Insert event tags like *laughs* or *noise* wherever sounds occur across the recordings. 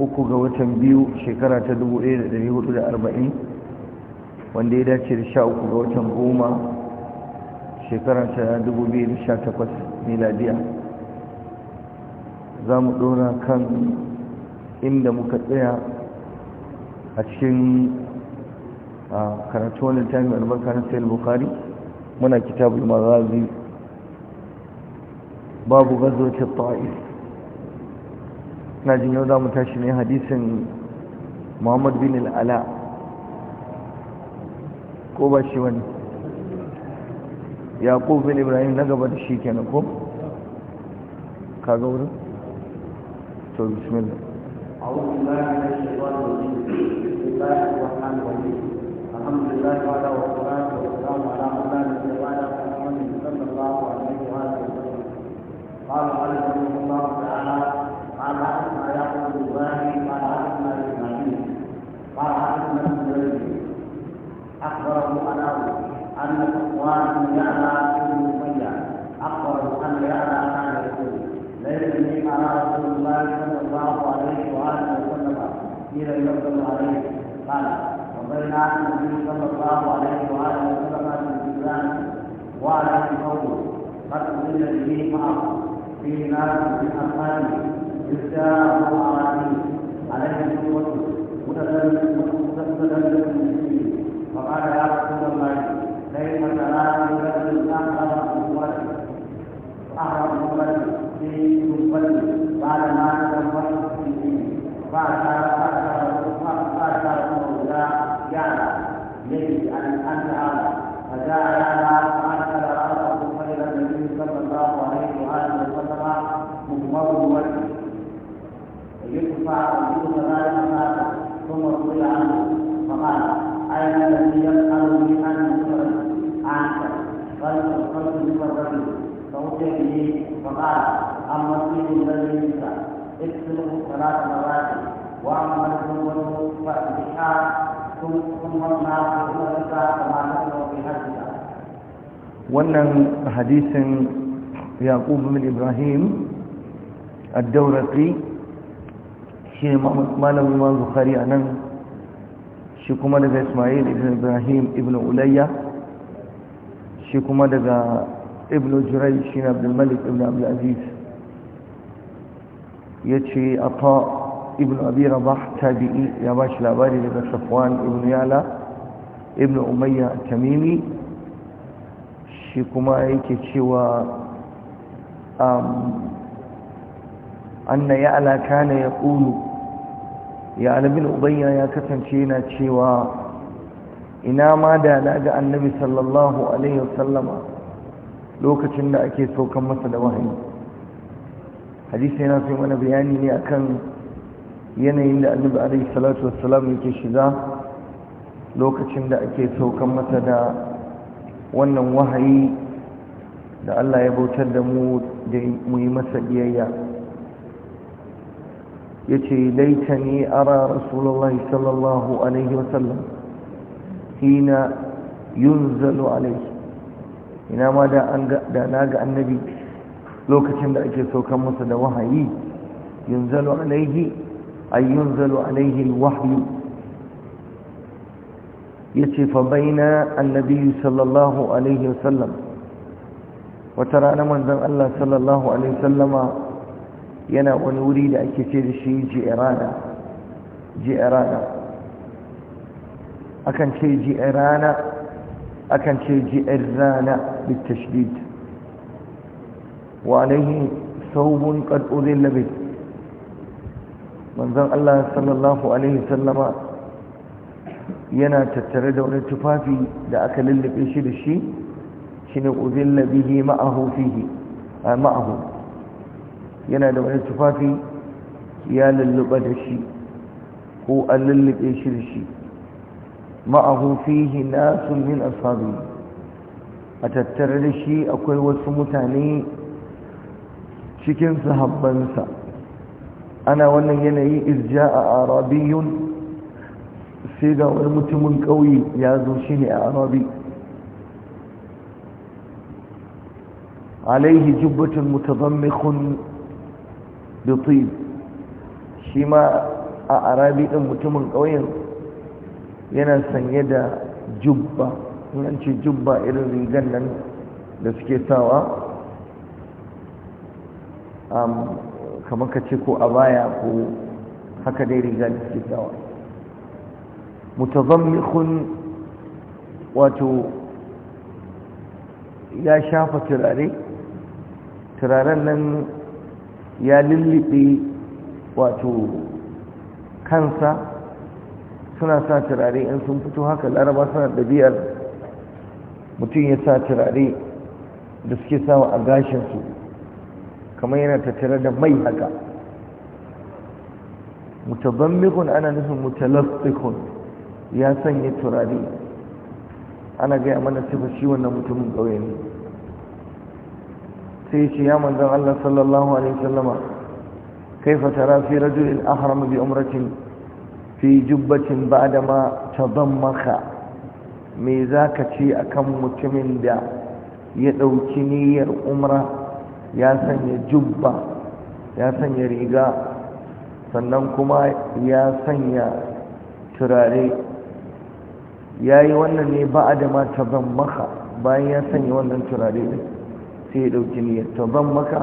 uku ga watan biyu shekara ta 1440 wanda ya dace da sha uku ga watan goma shekara ta 2018 miladiya za mu dora kan inda muka tsaya a cikin karatu wani taimi albarka na sayar bukari muna kitabul magazi babu gazo ta ta'if na jin yau za mu tashi ne hadisin muhammad bin al'ala ko ba shi wani ya bin ibrahim na gaba da shi kenan ko ka wurin to bismillah Allahumma قال حدثنا يعقوب بن الله قال حدثنا اسماعيل قال حدثنا ابن جرير اخبره انا ان صفوان بن يعلى بن اميه اخبره ان يعلى كان يقول ليتني ارى رسول الله صلى الله عليه واله وسلم قيل يقدم عليه قال وبينا النبي صلى الله عليه واله وسلم في الجيران وعلى قومه قد انزل به معه في نار مفتاح مراعيه عليه سوره متسلسلا بالمسلمين فقال يا رسول الله كيف ترى من رجل احرم قوته احرم قوته في قوته بعد ما تزوجت به فاشار فاشار رسول الله يعلم يجب ان ان تعلم فجاء يعلم فارسل راسه صلى الله عليه واله وسلم مضمر وجهه Aya wannan hadisin yaqub bin ibrahim ad-dawraqi shi ne malamin ma bukari a nan shi kuma daga ismail ibn ibrahim ibn ulayya shi kuma daga ibn Jirai shi ne abdulmalik ibn abdulaziz ya ce a ta ibn abi rabah tabi'i ya ba shi labari daga safwan ibn yala ibn umayya tamimi shi kuma yake cewa an na أن ne ya يقول ya ubayya ya kasance yana cewa ina ma da na ga annabi sallallahu alaihi wasallama lokacin da ake saukan masa da wahayi hadisi yana sai mana bayani ne akan yanayin da annabi alaihi salatu yake shiga lokacin da ake saukan masa da wannan wahayi da Allah ya bautar da mu da mu yi masa biyayya yace laitani ara rasulullahi sallallahu alaihi wasallam hina yunzalu alaihi ina ma da an da naga annabi lokacin da ake saukan masa da wahayi yunzalu alaihi ay yunzalu alaihi alwahyu yace fa baina annabi sallallahu alaihi wasallam wata rana manzon Allah sallallahu alaihi wasallama ينا ونريد أن كثير شيء جي إرادة جي إرادة أكن شيء جي إرانة أكن شيء جي إرانة بالتشديد وعليه ثوب قد أذل به منذر الله صلى الله عليه وسلم ينا تترد ونتفافي دا أكل اللي بيشير الشيء شنو أذل به معه فيه معه yana da wani tufafi ya lulluɓa da shi ko an lulluɓe shi da shi ma'ahu fihi nasun min ashabi a tattare da shi akwai wasu mutane cikin sahabbansa ana wannan yanayi irja a arabiyun sai ga wani mutumin ƙauye ya zo shi ne a arabi alaihi jubbatun mutazammikhun dutse shi ma a arabi ɗin mutumin ƙauyen yana sanye da jubba in ce jubba irin rigan nan da suke sawa kamar ka ce ko a baya ko haka dai rigan da suke sawa mutazammikun wato ya shafa turare turaren nan ya lullube wato kansa suna sa turare in sun fito haka laraba suna ɗabi'ar mutum ya sa turare da suke sawa a gashinsu kamar yana tattare da mai haka mutabammikun ana nufin mutalastikun ya sanya turare ana gaya mana sifa shi wannan mutumin ƙauye ne sai ce ya manzan Allah sallallahu alaihi sallama. Kai fatara fi rajulin ahram bi umratin fi jubbatin ba'dama tadammaka me zaka ce akan mutumin da ya ɗauki niyyar umra ya sanya jubba ya sanya riga sannan kuma ya sanya turare ya yi wannan ne da ma ba'dama tadammaka bayan ya sanya wannan turare din sai ya dauki niyyar ta zan maka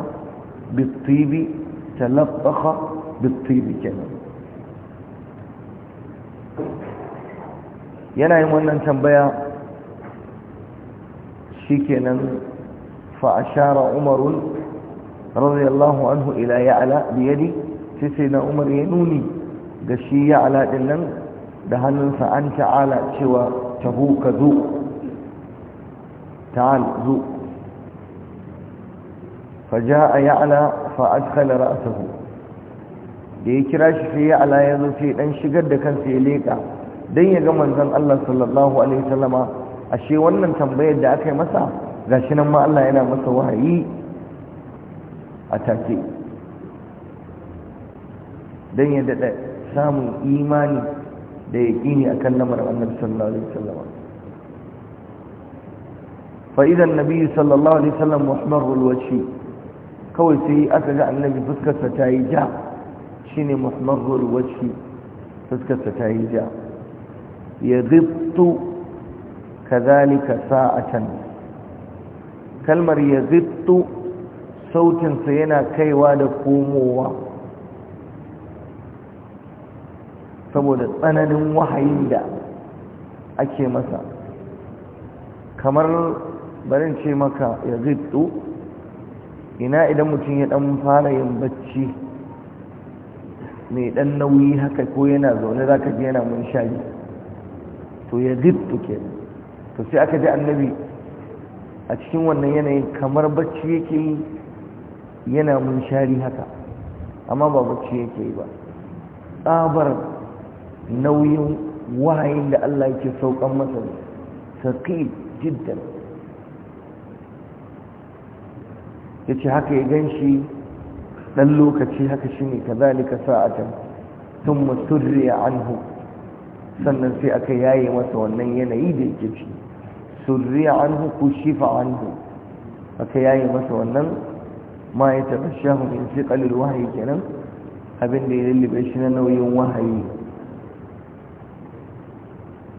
bittibi ta labbaka bittibi kenan yana yin wannan tambaya shi kenan fa'ashara umarun radiyallahu anhu ila ya'ala biyadi sai sai na umar ya nuni ga shi ya'ala ɗin nan da hannunsa an ta'ala cewa taho ka zo ta'al zo فجاء يعلى فأدخل رأسه da ya kira shi sai ya ala ya zo sai dan shigar da kansa ya leka dan ya ga manzon Allah sallallahu alaihi wasallama ashe wannan tambayar da aka yi masa gashi nan ma Allah yana masa wahayi a take dan ya dade samun imani da yaqini akan lamarin Annabi sallallahu alaihi wasallama fa idan nabi sallallahu alaihi wasallam muhammarul wajhi kawai sai aka ga annabi fuskarsa ta yi ja shine musmarrul wajhi fuskarsa ta yi ja ya zittu kazalika sa'atan kalmar ya zittu sautinsa yana kaiwa da komowa saboda tsananin wahayin da ake masa kamar barin ce maka ya zittu ina idan mutum ya dan fara yin bacci mai dan nauyi haka ko yana zaune za ka ji yana munshari to ya zittu ke to sai aka ji annabi a cikin wannan yanayin kamar bacci yake yi yana munshari haka amma ba bacci yake yi ba tsabar nauyin wahayin da Allah yake saukan masa saƙi jiddan yace haka ya gan shi ɗan lokaci haka shi ne kazalika sa'atan sun musurriya anhu sannan sai aka yaye masa wannan yanayi da yake ci surriya anhu ko anhu aka yaye masa wannan ma ya taɓa min siƙalil wahayi kenan abin da ya lullube shi na nauyin wahayi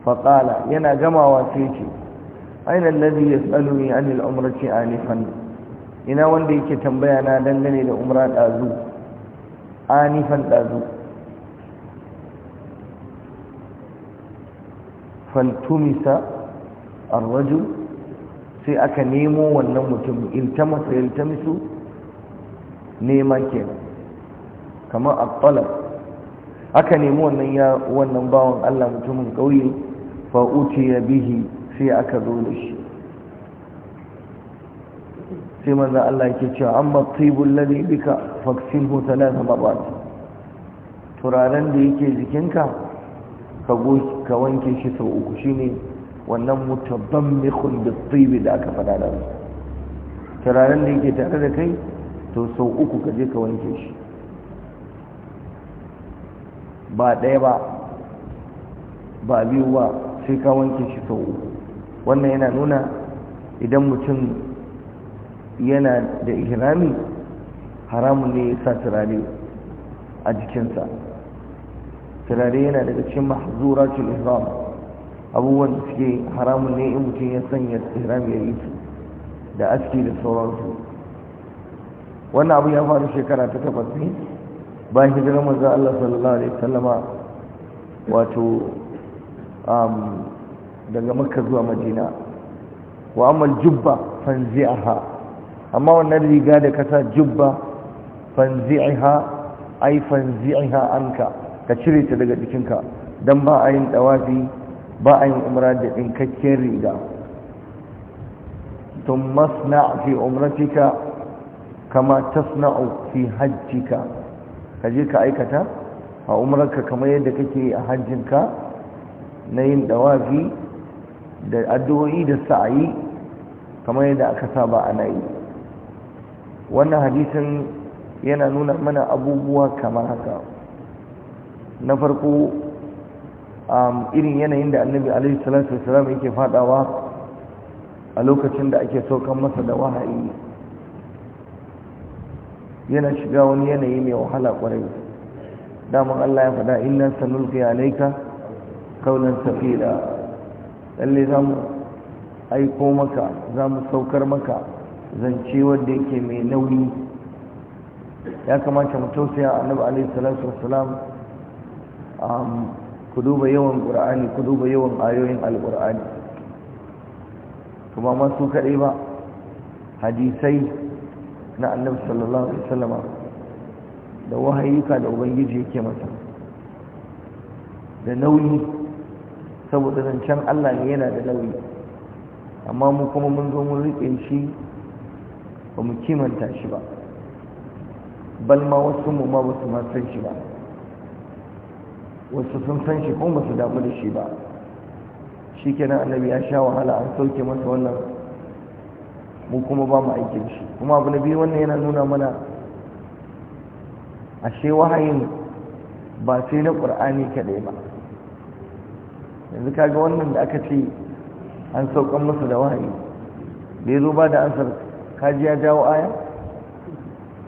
faƙala yana gamawa sai ce ainihin lalzi ya tsalo ne an ina wanda yake tambaya na dangane da umra ɗazu anifan ɗazu faltumisa arraju sai aka nemo wannan mutum iltamasa iltamisu neman kenan kamar abbalar aka nemo wannan ya wannan bawan Allah mutumin ƙauye fa'uti ya bihi sai aka zo da shi sai manzan Allah yake cewa amma tibul ladhi bika faksilhu thalatha marrat turaren da yake jikinka ka ka wanke shi sau uku shine wannan mutadammikun bit-tib da aka fada da turaren da yake tare da kai to sau uku ka je ka wanke shi ba ɗaya ba ba biyu ba sai ka wanke shi sau uku wannan yana nuna idan mutum yana da ihrami haramun ne sa turare a jikinsa turare yana daga cikin mahzuratul ihram abubuwan da suke haramun ne in mutum ya sanya ihrami ya yi su da aski da sauransu wannan abu ya faru shekara ta takwas ne bayan hijirar manzo Allah sallallahu alaihi wasallama wato daga makka zuwa madina wa amal jubba fanzi'aha amma wannan riga da kasa jubba fanzi'iha ai fanzi'iha anka ka cire ta daga jikinka dan ba a yin tawafi ba a yin umra da dinkakken riga tun masna fi umratika kama tasna'u fi hajjika ka je ka aikata a umrarka kamar yadda kake a hajjinka na yin dawafi da addu'o'i da sa'ayi kamar yadda aka saba ana yi wannan hadisin yana nuna mana abubuwa kamar haka na farko um, irin yanayin da annabi alaihi salatu yake fadawa a lokacin da ake saukan masa da wahayi yana shiga wani yanayi mai wahala kwarai daman Allah ya faɗa inna sanulqi alayka qawlan safila lalle zamu aiko maka zamu saukar maka zance wanda yake mai nauyi ya kamata mu tausaya annabi alaihi salatu wassalam um, ku duba yawan qur'ani ku duba yawan ayoyin alqur'ani kuma masu su kadai ba hadisai na annabi sallallahu alaihi wasallama da wahayika da ubangiji yake masa da nauyi saboda zancen Allah ne yana da nauyi amma mu kuma mun zo mun rike shi ba mu kimanta shi ba bal ma wasu mu ma wasu ma san shi ba wasu sun san shi kuma su damu da shi ba shi kenan annabi ya sha wahala an sauke masa wannan mu kuma ba mu aikin shi kuma abu na biyu wannan yana nuna mana ashe wahayin ba sai na ƙur'ani kaɗai ba yanzu kaga wannan da aka ce an saukan masa da wahayi da ya zo ba da ansar kaji ya jawo aya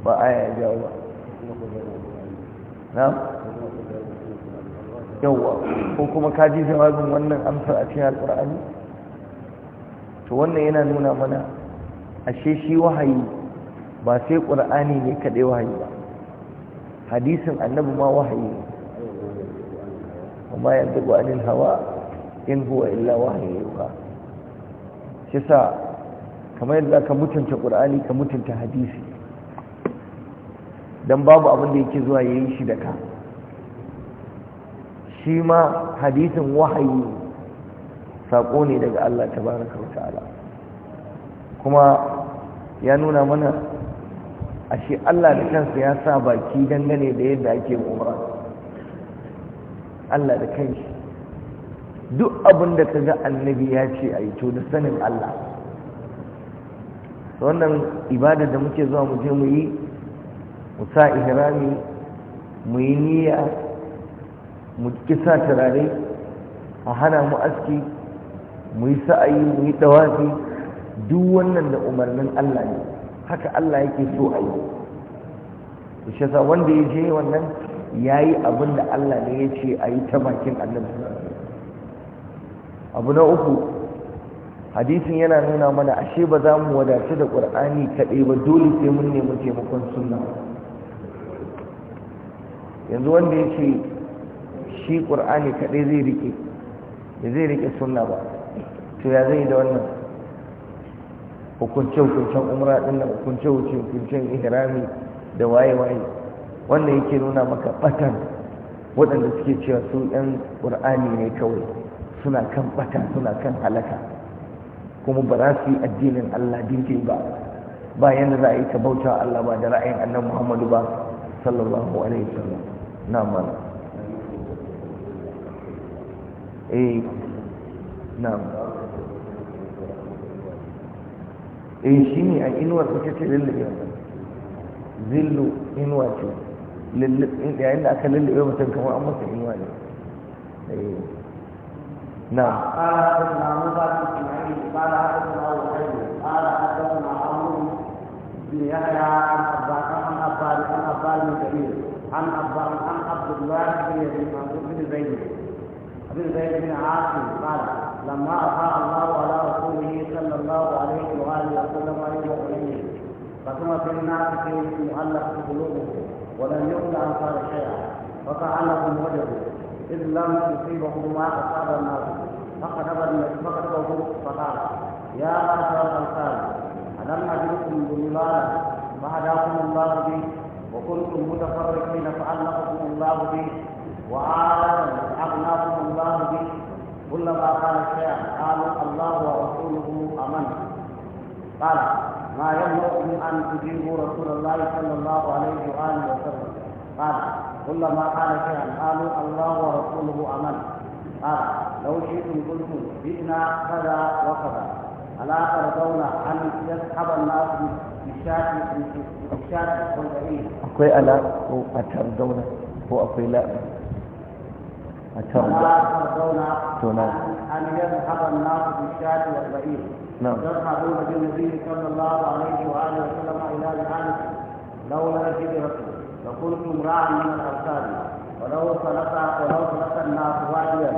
ba aya ya jawo ba na yawwa ko kuma kaji jawabin wannan amsar a cikin alƙur'ani to wannan yana nuna mana ashe shi wahayi ba sai ƙur'ani ne kaɗai wahayi ba hadisin annabi ma wahayi ne kuma yanzu ba hawa in huwa illa wahayi ba shi sa kamar yadda ka mutunta ƙur'ani ka mutunta hadisi don babu abin da yake zuwa yayin shi da ka shi ma hadisin wahayi saƙo ne daga Allah tabaraka wa ta'ala kuma ya nuna mana ashe Allah da kansa ya sa baki dangane da yadda ake umra Allah da kanshi duk abinda ka ga annabi ya ce a yi to da sanin Allah wannan ibada da muke zuwa mu je mu yi mu sa ihrami mu yi niyya mu kisa turare a hana mu aski mu yi sa'ayi mu yi dawafi duk wannan da umarnin Allah ne haka Allah yake so a yi shi yasa wanda ya je wannan yayi abin da Allah ne ya ce a yi ta bakin Allah abu na uku hadisin yana nuna mana ashe ba za mu wadace da ƙur'ani kaɗai ba dole sai mun nemi taimakon suna yanzu wanda ya ce shi ƙur'ani kaɗai zai rike zai rike suna ba to ya zai da wannan hukunce hukuncen umra ɗin nan hukunce hukuncen ihrami da waye waye wannan yake nuna maka ɓatan waɗanda suke cewa su ɗan ƙur'ani ne kawai suna kan ɓata suna kan halaka kuma ba za su yi addinin Allah daidai ba bayan da za a yi ta bauta Allah ba da ra'ayin annan Muhammadu ba sallallahu alaihi wasallam na mana eh na eh ne a inuwar ita ce lullube zillu inuwa ce yayin da aka lullube mutum kamar an masa inuwa ne eh نعم قال حدثنا موسى بن اسماعيل قال حدثنا ابو قال حدثنا عمرو بن يحيى عن عبد عن عباد عن عباد بن كبير عن عباد عن عبد الله بن يزيد بن زيد بن زيد بن عاصم قال لما أفاء الله على رسوله صلى الله عليه وآله وسلم يوم العيد فكما في الناس مؤلف قلوبهم ولم يغن أنصار شيئا وكأنهم وجدوا إذ لم يصيبهم ما أصاب الناس فقد فقد فقال يا أهل الأنصار ألم أجدكم ضلالا فهداكم الله بي وكنتم متفرقين فعلقكم الله بي وعادا أغناكم الله بي كلما قال الشيخ قالوا الله ورسوله أمن قال ما يمنعكم أن تجيبوا رسول الله صلى الله عليه وآله وسلم قال كلما قال شيئا قالوا الله ورسوله أمل قال لو شئتم قلتم جئنا كذا وكذا ألا ترضون أن يسحب الناس بالشاة بالشاة والبعير أقوي ألا أترضون هو أقوي لا أترضون ألا ترضون أن يذهب الناس بالشاة والبعير نعم تذهبون بالنبي صلى الله عليه وآله وسلم إلى رحالكم لولا جبرتكم فكنت امرأ من الأنصار ولو سلك ولو سلك الناس واديا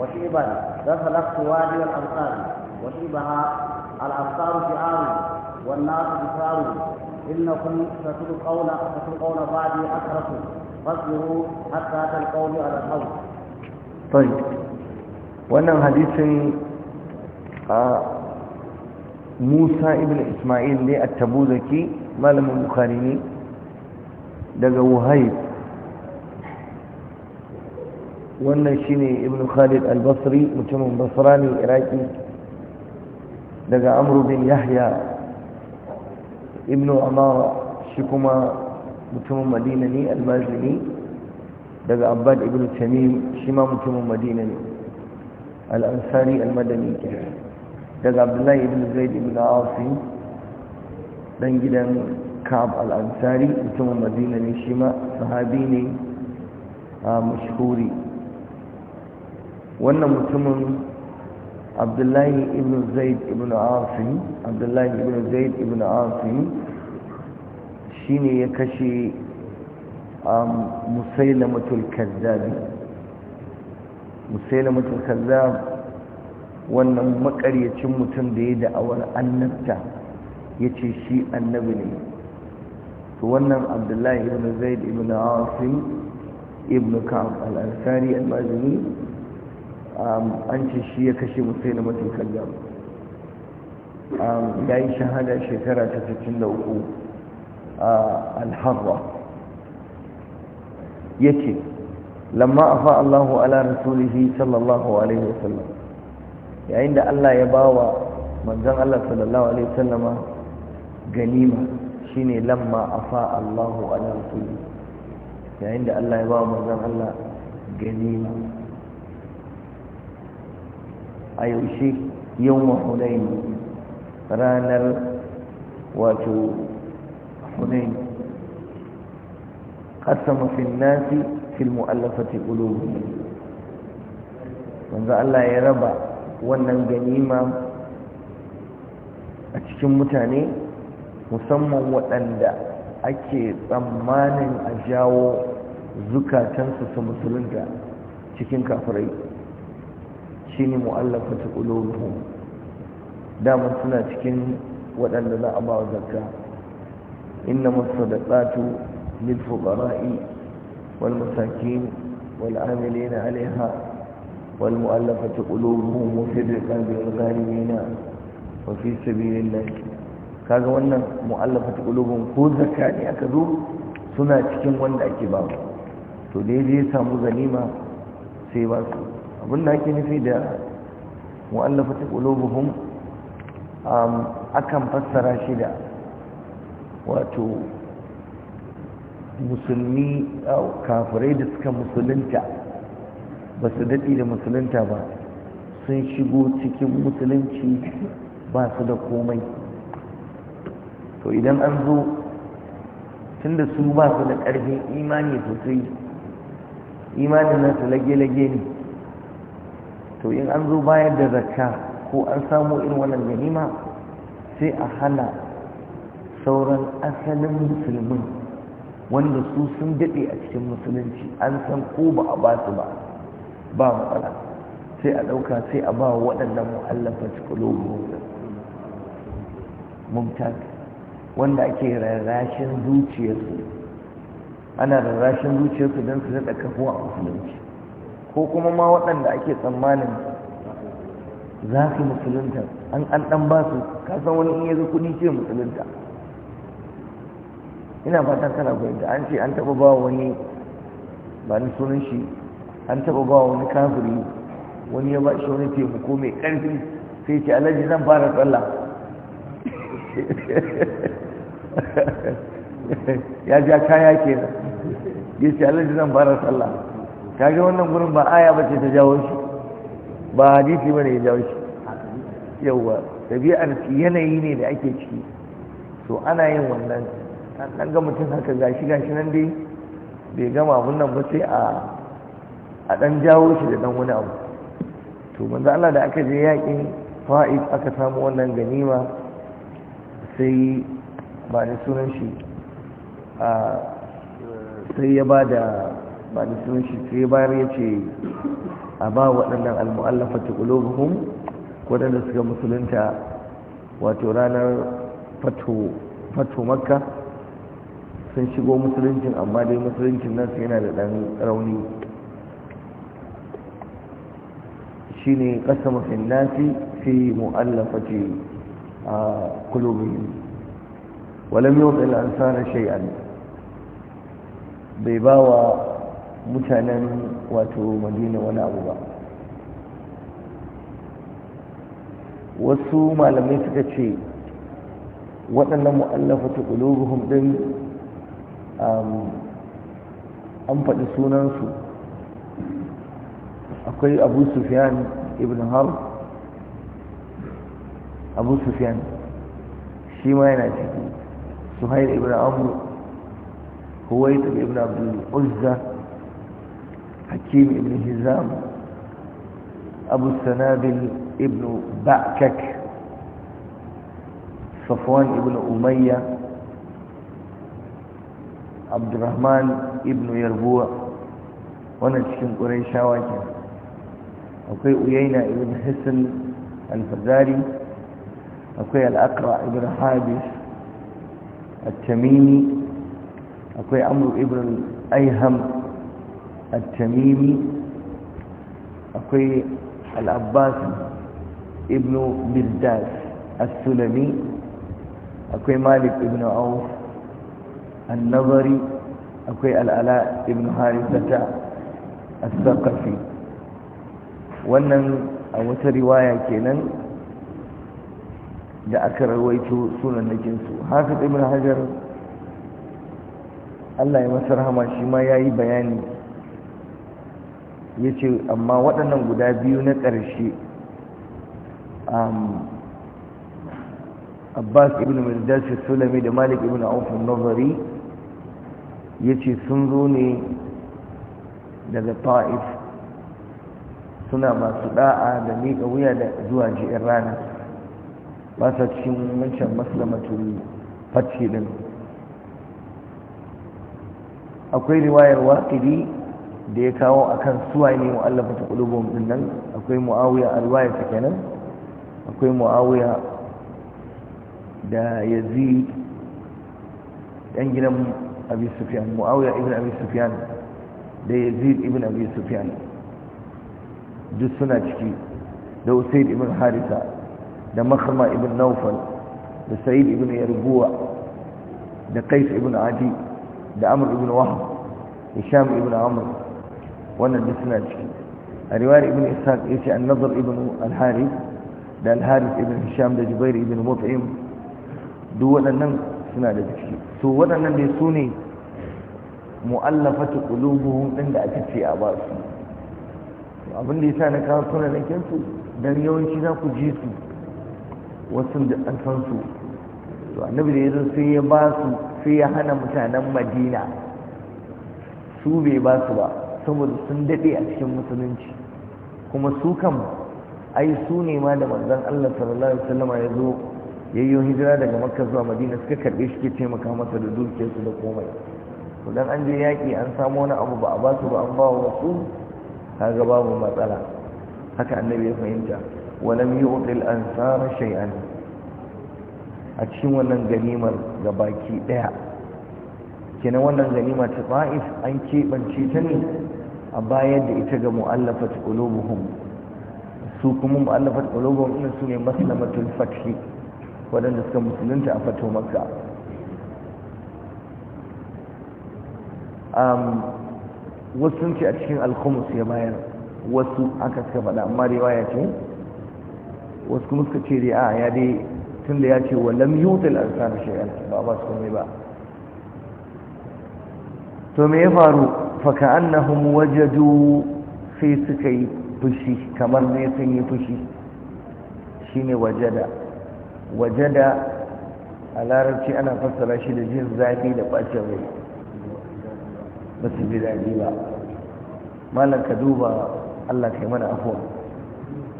وشيبا لسلكت وادي الأنصار وشيبها الابصار شعار والناس بشار إنكم ستلقون ستلقون بعدي اكرس فاصبروا حتى تلقوني على الحوض. طيب وانا حديث آه، موسى ابن اسماعيل للتبوذكي ما لم tabuzaki malamin daga wuhaib wannan shine ibn khalid al-basri mutumin basra ne iraki daga amru bin yahya ibn amara shi kuma mutumin madina ne almazini daga abbad ibn tamim shi ma mutumin madina ne al-ansari al-madani daga abdullahi ibn zaid ibn asim dan gidan ka'ab al-ansari mutumin madina ne shi ma sahabi ne a mashhuri wannan mutumin abdullahi ibn zaid ibn asim abdullahi ibn zaid ibn shi ne ya kashe musailamatul kazzabi musailamatul kazzab wannan makaryacin mutum da ya da'awar annabta ya ce shi annabi ne to wannan abdullahi ibn zaid ibn asim ibn ka'ab al-ansari al-majini um, an ce shi ya kashe musai na mutum kallon um, ya yi shahada shekara ta 63 a alharra ya ce lamma afa allahu ala rasulihi sallallahu alaihi wasallam yayin da allah ya ba wa manzan allah sallallahu alaihi wasallama ganima shine lamma afa Allahu ala rasuli yayin da Allah ya ba manzon Allah ganima a yaushe yawma hunain ranar wato hunain qasama fi nasi fi mu'allafati qulubi manzon Allah ya raba wannan ganima a cikin mutane musamman waɗanda ake tsammanin a jawo zukatansu su musulunta cikin kafirai shi ne mu'allafa ta ƙuloruhu suna cikin waɗanda za a ba wa zakka inna masu da tsatu lilfuƙara'i wal masakin wal amilina alaiha والمؤلفة قلوبهم وفي الرقاب na, وفي سبيل الله kaga wannan mu'allafatu qulubun ko zakka ne aka zo suna cikin wanda ake ba to dai dai ya samu ganima sai ba su abin da ake nufi da mu'allafatu qulubuhum am um, akan fassara shi da wato musulmi kafirai da suka musulunta ba su daɗi da musulunta ba sun shigo cikin musulunci ba su da komai to idan an zo tunda su ba su da ƙarfin imani sosai imanin nasu lage-lage ne to in an zo bayar da zakka ko an samu irin wannan ganima sai a hana sauran asalin musulmin wanda su sun daɗe a cikin musulunci an san ko ba a ba su ba ba matsala sai a ɗauka sai a ba waɗannan mu'allafa cikin mumtaz wanda ake rarrashin zuciyarsu ana rarrashin zuciyarsu don su daɗa kafuwa a musulunci ko kuma ma waɗanda ake tsammanin za su musulunta an an ɗan ba su kasan wani in yazo kuɗi ce musulunta ina fatan kana fahimta an ce an taɓa ba wani ba ni sunan shi an taɓa ba wani kafiri wani ya ba shi wani taimako mai ƙarfi sai ce alhaji zan fara tsalla *laughs* *laughs* ya ja kaya kenan ya ce zan fara sallah ga wannan gurin ba aya ba ce ta jawo shi ba hadisi ba ne ya jawo shi yauwa ɗabi'ar yanayi ne da ake ciki to ana yin wannan ɗan ga mutum haka gashi gashi nan dai bai gama abun nan ba sai a a ɗan jawo shi da ɗan wani abu to manzo Allah da aka je yakin fa'id aka samu wannan ganima sai ba da sunan shi sai ya ba da ba da sunan shi sai ba ya ce a ba waɗannan al'mu'allafa ta ƙulubuhun waɗanda suka musulunta wato ranar fato makka sun shigo musuluncin amma dai musuluncin nan yana da ɗan rauni shine ƙasa mafi nasi fi mu'allafa ce a ƙulubuhun walam yau da al'ansana shay'an bai bawa wa mutanen wato madina wani abu ba wasu malamai suka ce waɗannan mu'allafa ta ɗin an faɗi sunansu akwai abu sufyan ibn har abu sufyan shi ma yana ciki سهيل ابن عمرو هويت ابن عبد العزة حكيم ابن هزام أبو السنابل ابن بعكك صفوان ابن أمية عبد الرحمن ابن يربوع وانا تشكين قريشا واجه أوكي أيينا ابن حسن الفزاري أوكي الأقرع ابن حابس at-tamimi akwai amru ibn aiham at-tamimi akwai al-abbas ibn mirdas sulami akwai malik ibn auf an akwai al-ala ibn harithata as wannan a wata riwaya kenan da aka rawaito sunan nakinsu haka ibn hajar Allah ya masa rahama shi ma ya yi bayani ya ce amma waɗannan guda biyu na ƙarshe abbas ibn mirdashi sulami da malik ibn aufin nazari ya ce sun zo ne daga ta'if suna masu da'a da miƙa wuya da zuwa ji'in rana ba sa cikin wancan maslamatul fatshi din akwai riwayar waqidi da ya kawo akan suwa ne ta qulubuhum din nan akwai riwaya alwaya kenan akwai mu'awuya da zi ɗan gidan abi sufyan mu'awuya ibn abi sufiyan da zi ibn abi sufyan duk suna ciki da usaid ibn harisa da makhama ibn naufal da sa'id ibn yarguwa da qais ibn adi da amr ibn wahab hisham ibn amr wannan duk suna ciki a riwayar ibn ishaq yace an-nadr ibn al hari da al-harith ibn hisham da jubair ibn mut'im duk waɗannan suna da ciki to waɗannan dai su ne mu'allafatu qulubuhum din da aka ce a ba su abin da yasa na kawo sunan kinsu dan yawanci za ku ji su wasu da an san su to annabi da yazo sai ya ba su sai ya hana mutanen madina su bai ba su ba saboda sun dade a cikin musulunci kuma su kan ai su ne ma da manzon Allah sallallahu alaihi wasallam ya zo yayyo hijira daga makka zuwa madina suka karbe shi ke taimaka masa da dukiyarsu da komai to dan an je yaki an samu wani abu ba a ba su ba an ba wa wasu kaga babu matsala haka annabi ya fahimta walam yu'til ansara shay'an a cikin wannan ganimar ga baki daya kenan wannan ganima ta ta'if an keɓance ta ne a bayar da ita ga mu'allafat qulubuhum su kuma mu'allafat qulubuhum din sune ne maslamatul fathi waɗanda suka musulunta a fato makka wasu sun ce a cikin alkhumus ya bayar wasu aka suka faɗa amma riwaya ce wasu kuma suka ce dai ya dai tun da ya ce wallam yutil ansana shay'an ba ba su komai ba to me ya faru fa ka'annahum wajadu sai suka yi fushi kamar ne sun yi fushi shine wajada wajada a larabci ana fassara shi da jin zafi da ɓacin rai ba su ji daɗi ba malam ka duba allah kai mana afuwa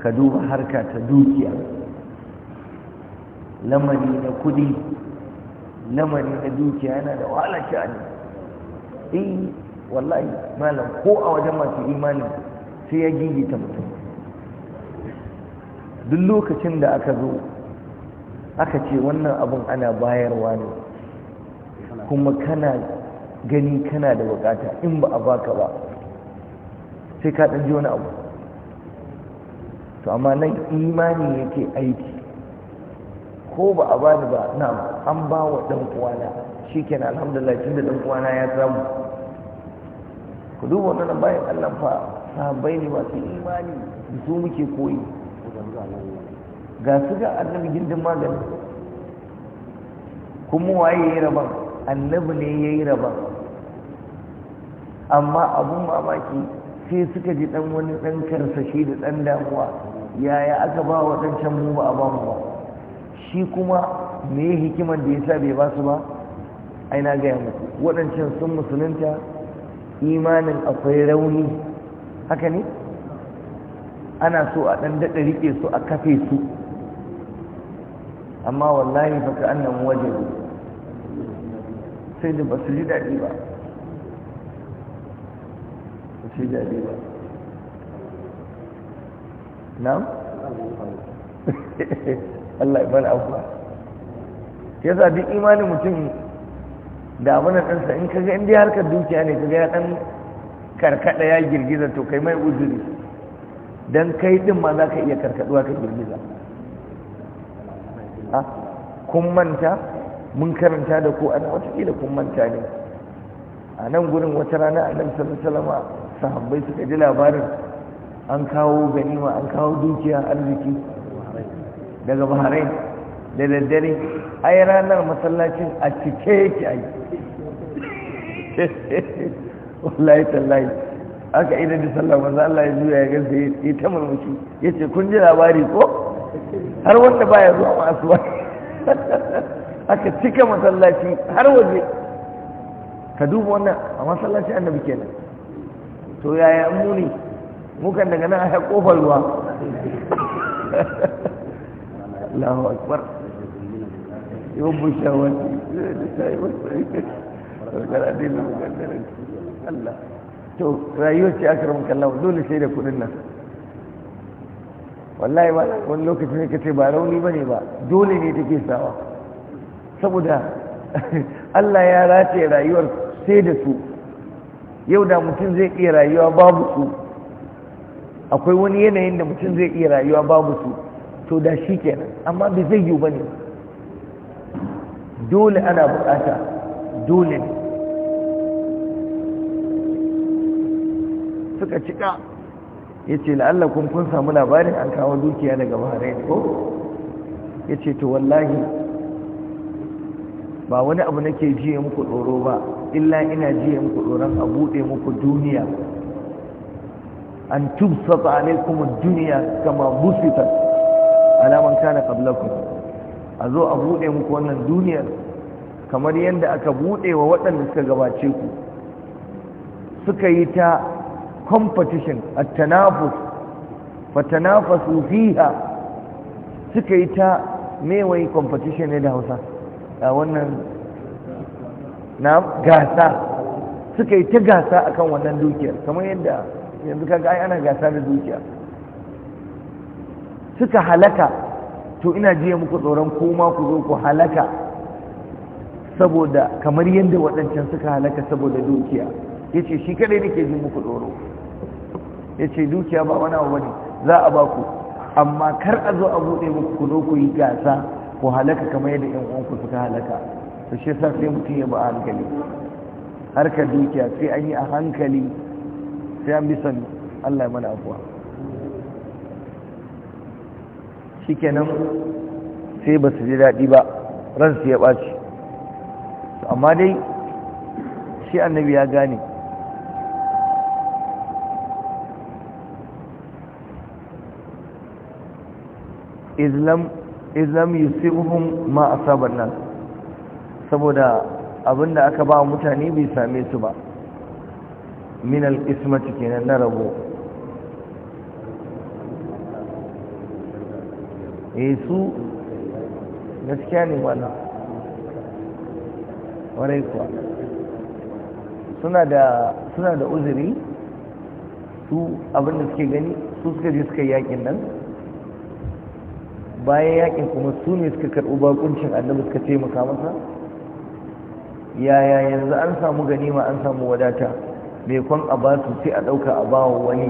ka duba harka ta dukiya lamari na kudi lamari na dukiya yana da wahala sha'ani eh wallahi malam ko a wajen masu imanin sai ya gigita mutum duk lokacin da aka zo aka ce wannan abun ana bayarwa ne kuma kana gani kana da bukata in ba a baka ba sai ka ɗan ji wani abu to amma nan imani yake aiki ko ba a bani ba na an ba wa ɗan kwana shi na alhamdulillah tun da ɗan kwana ya samu ku duba wannan bayan allah fa sahabbai ne masu imani da su muke koyi ga su ga annabi gindin magani kuma waye ya yi rabon annabi ne ya yi rabon amma abun mamaki sai suka ji ɗan wani ɗan karsashi da ɗan damuwa yaya aka ba waɗancan mu ba a ba mu ba shi kuma me hikimar da ya sa bai ba su ba ai na gaya mu waɗancan sun musulunta imanin akwai rauni haka ne ana so a ɗan daɗa riƙe su a kafe su amma wallahi ba ka annan waje sai da ba ji daɗi ba su ji daɗi ba na'am Allah ya bani abuwa yasa duk imanin mutum da abin ɗansa in kaga inda harkar dukiya ne kaga ya ɗan karkada ya girgiza to kai mai uzuri don kai ɗin ma za ka iya karkaduwa ka girgiza kun manta mun karanta da ku ana watakila kun manta ne a nan gurin wata rana a nan salama sahabbai suka ji labarin an kawo ganima an kawo dukiya arziki daga bahrain da daddare ai ranar masallacin a cike yake ai *laughs* wallahi tallahi aka ina da sallah manzo Allah ya juya ya gansa ya ta ya yace kun ji labari ko har wanda baya zuwa ma *laughs* aka cika masallaci har waje ka duba wannan a masallaci annabi kenan to yaya muni mukan daga nan a kofar ruwa Allahu akbar yo yubbu shawati da Allah to rayuwar ce akram kallahu dole sai da kudin nan wallahi ba wani lokaci ne kace ba rauni bane ba dole ne take sawa saboda *laughs* Allah ya race rayuwar sai da su yau da mutum zai iya rayuwa babu su akwai wani yanayin da mutum zai iya rayuwa babu su to da shi kenan amma bai zai yiwu ne dole ana bukata dole ne suka cika ya ce la'allakun kun kun samu labarin an kawo dukiya daga bahrain ko ya ce to wallahi ba wani abu nake jiye muku tsoro ba illa ina jiye muku tsoron a buɗe muku duniya an tubsata alaikum ad-dunya kama busitat ala man kana qablakum a zo a buɗe muku wannan duniyar kamar yadda aka bude wa waɗanda suka gabace ku suka yi ta competition at-tanafus fatanafasu fiha suka yi ta mewai competition ne da Hausa a wannan na gasa suka yi ta gasa akan wannan dukiyar kamar yadda yanzu kaga ai ana gasa da dukiya suka halaka to ina jiya muku tsoron koma ku zo ku halaka saboda kamar yadda waɗancan suka halaka saboda dukiya ya ce shi kadai nake ji muku tsoro ya ce dukiya ba wani abu ne za a ba ku amma kar a zo a buɗe muku ku zo ku yi gasa ku halaka kamar yadda ƴan uwanku suka halaka to shi yasa sai mutum ya ba a hankali harkar dukiya sai an yi a hankali sai an bisan Allah mana mana afuwa kenan sai ba su ji daɗi ba ransu ya ɓaci amma dai shi annabi ya gane islam yi yusibuhum ma asaban nan saboda abinda aka ba mutane bai same su ba min alƙismati kenan na rabo e su gaskiya ne wannan warai kuwa suna da uzuri su abinda suke gani su suka je suka yakin nan bayan yakin kuma su ne suka karɓi bakuncin annabi suka taimaka masa yaya yanzu an samu ganima an samu wadata mai kwan a ba su sai a ɗauka a ba wa wani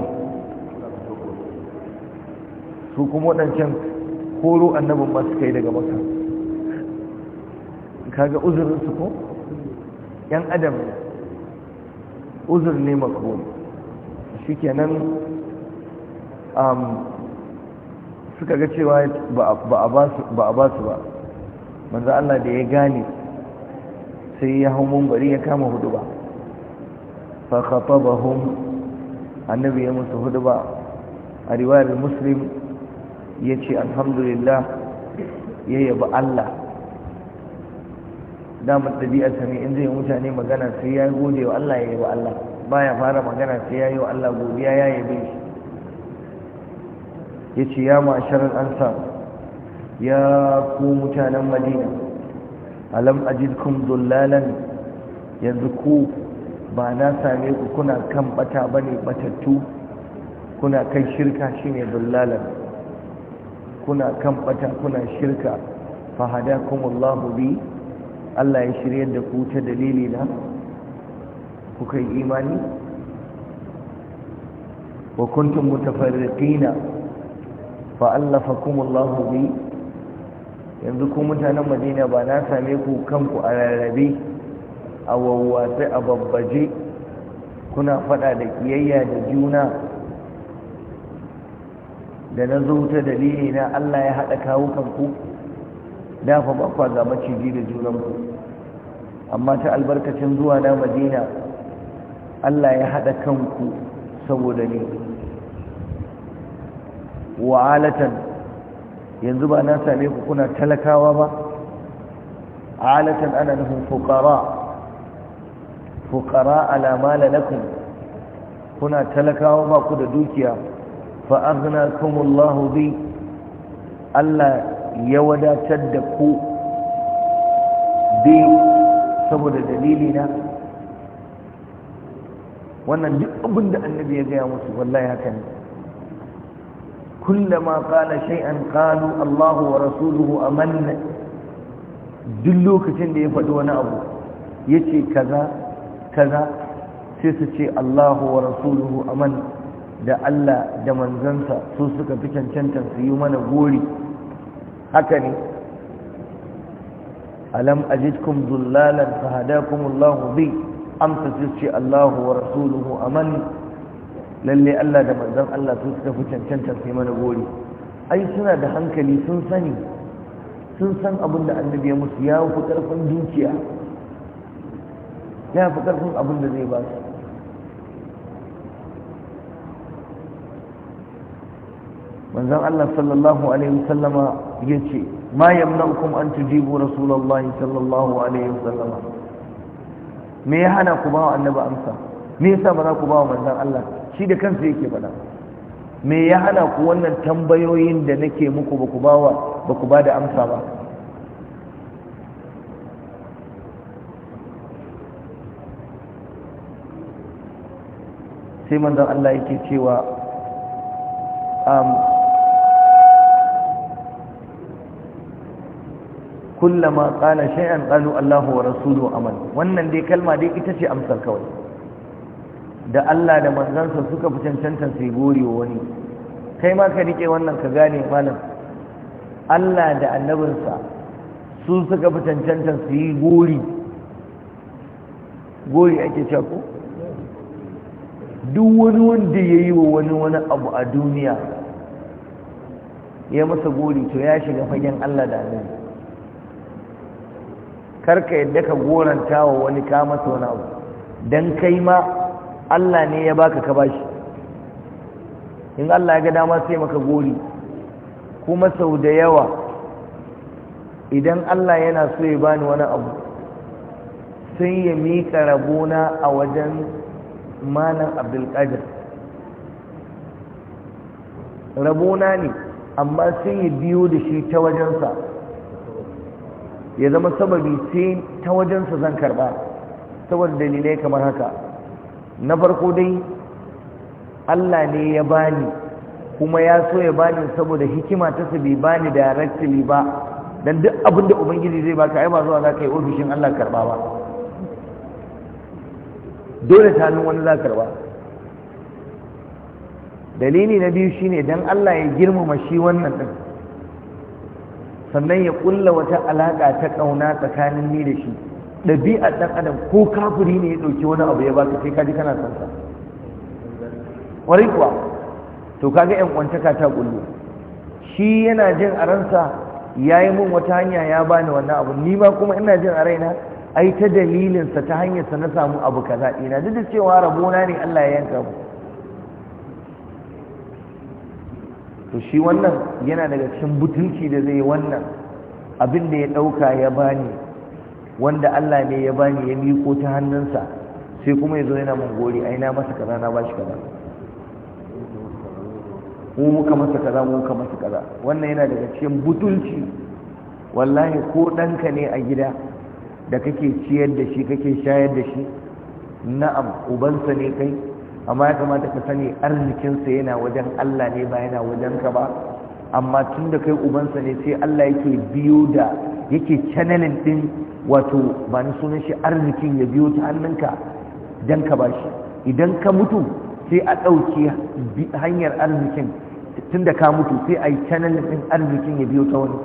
su kuma waɗancan koro annabin ba su kai daga maka kaga uzurinsu ko yan adam uzur ne makon shi kenan suka ga cewa ba a ba su ba manzo Allah da ya gane sai ya hau mumbari ya kama hudu ba fakhatabahum annabi ya musu hudba a riwayar muslim ya ce alhamdulillah ya yabi Allah damar ɗabi'arsa ne in zai mutane magana sai ya gode wa Allah ya Allah baya fara magana sai ya yi wa Allah godiya ya yabe shi ya ce ya ya ku mutanen madina alam ajidkum dullalan yanzu ku ba na same ku kuna kan bata bane batattu kuna kan shirka shine dullalan kuna kan bata kuna shirka Fa fahadakumullahu bi Allah ya shiryar da ku ta dalili na Ku kai imani wa kuntum mutafarriqina fa allafakumullahu bi yanzu ku mutanen Madina ba na same ku kanku a rarrabe a wawwace a babbaje kuna faɗa da kiyayya da juna da na zo ta dalili na Allah ya haɗa kawukan ku da fa ga maciji da junan ku amma ta albarkacin zuwa na Madina Allah ya haɗa kanku saboda ni wa'alatan yanzu ba na same ku kuna talakawa ba alatan ana nufin fuqara fuqara ala mala kuna talakawa ba ku da dukiya fa aghnakumullahu bi Allah ya wadatar da ku bi saboda dalili na wannan duk abin da annabi ya gaya musu wallahi haka ne kullama qala shay'an qalu Allahu wa rasuluhu amanna duk lokacin da ya faɗi wani abu yace kaza kaza sai su ce Allahu wa rasuluhu aman da Allah da manzansa su suka fi cancantar su yi mana gori haka ne alam ajidkum dullalan fahadakum Allah bi amsa sai su ce Allahu wa rasuluhu aman lalle Allah da manzan Allah su suka fi cancantar su yi mana gori ai suna da hankali sun sani sun san abin da annabi ya musu ya fi karfin dukiya ya fi ƙarfin abin da zai ba su manzan Allah sallallahu alaihi wasallama ya ce ma yamna'ukum an tujibu Rasulallah sallallahu alaihi wasallama me ya hana ku ba wa annabi amsa me yasa ba za ku ba wa manzan Allah shi da kansa yake faɗa me ya hana ku wannan tambayoyin da nake muku ba ku ba wa ba ku ba da amsa ba sai manzan Allah yake cewa kullama qala shay'an qalu Allahu wa rasuluhu aman wannan dai kalma dai ita ce amsar kawai da Allah da manzansa suka fi cancantar su gori wani kai ma ka rike wannan ka gane malam Allah da annabinsa su suka fi cancantar su yi gori gori ake cewa ko duk wani wanda ya yi wa wani wani abu a duniya ya masa gori to ya shiga fagen Allah da kar karka yadda ka goranta wa wani ka masa abu don kai ma Allah ne ya baka ka bashi in Allah ya ga dama sai maka gori kuma sau da yawa idan Allah yana so ya bani wani abu sai ya miƙa rabona a wajen malam abdulkadir rabona ne amma sai ya biyo da shi ta wajensa ya zama sababi sai ta wajensa zan karba saboda dalilai kamar haka na farko dai Allah ne ya bani kuma ya so ya bani saboda hikima ta bai bani directly ba dan duk abinda ubangiji zai baka ai ba zuwa za ka yi ofishin Allah karba ba dole ta nuna wani za dalili na biyu shine dan Allah ya girmama shi wannan din sannan ya kulla wata alaka ta kauna tsakanin ni da shi ɗabi'a ɗan adam ko kafiri ne ya ɗauki wani abu ya baka sai ji kana son sa kuwa to kaga yan kwantaka ta kullu shi yana jin a ransa ya yi min wata hanya ya bani wannan abu ni ma kuma ina jin a raina ai ta dalilinsa ta hanyarsa na samu abu kaza ina duk da cewa rabona ne Allah ya yanka mu to shi wannan yana daga cikin butunci da zai wannan abin da ya ɗauka ya bani wanda Allah ne ya bani ya miko ta hannunsa sai kuma ya zo yana mun gori ai na masa kaza na bashi kaza mu muka masa kaza mu muka masa kaza wannan yana daga cikin butulci wallahi ko danka ne a gida da kake ciyar da shi kake shayar da shi na'am ubansa ne kai amma ya kamata ka sani arzikinsa yana wajen Allah ne ba yana wajen ka ba amma tun da kai ubansa ne sai Allah yake biyo da yake channeling din wato ba ni sunan shi arzikin ya biyo ta hannunka dan ka ba shi idan ka mutu sai a ɗauki hanyar arzikin tun da ka mutu sai a yi channeling din arzikin ya biyo ta wani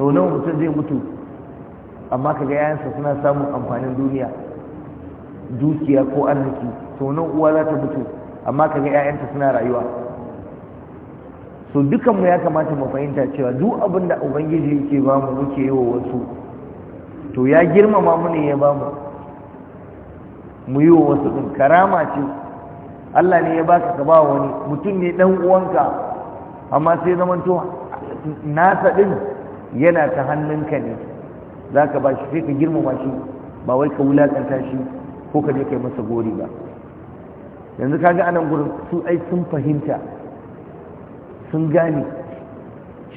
sau nawa mutum zai mutu amma kaga yayansa suna samun amfanin duniya dukiya ko arziki to nan uwa za ta mutu amma kaga yayanta suna rayuwa so dukanmu ya kamata mu fahimta cewa duk abin da ubangiji yake ba mu muke yi wa wasu to ya girmama mu ne ya ba mu mu yi wa wasu din? karama ce Allah ne ya baka ka ba wani mutum ne dan uwanka amma sai zamanto nasa din yana ta hannunka ne za ka ba shi sai ka girmama shi ba wai ka wulaƙanta shi ko ka je kai masa gori ba yanzu ka ga anan gurin su ai sun fahimta sun gane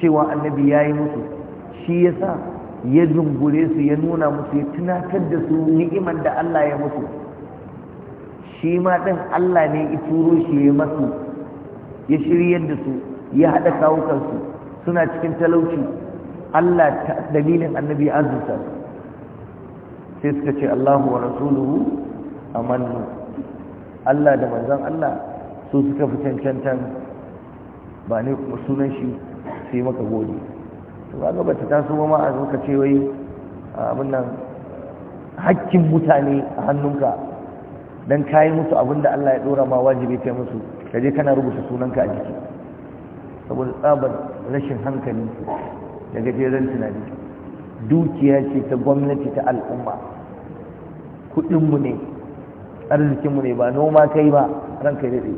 cewa annabi ya yi musu shi ya sa ya zungure su ya nuna musu ya tunatar da su ni'imar da Allah ya musu shi ma ɗin Allah ne ya turo shi ya masu ya shiryar da su ya haɗa kawukansu suna cikin talauci Allah dalilin annabi azza sai suka ce Allahu wa rasuluhu amannu Allah da manzon Allah su suka fi cancantan ba ne kuma sunan shi sai maka gode to kaga ta taso ma a zuka ce wai abin nan hakkin mutane a hannunka dan kai musu abinda Allah ya dora ma wajibi kai musu kaje kana rubuta sunanka a jiki saboda tsabar rashin hankali Daga gajeren tunani dukiya ce ta gwamnati ta al'umma kudinmu ne arzikinmu ne ba noma kai ba ranka daɗe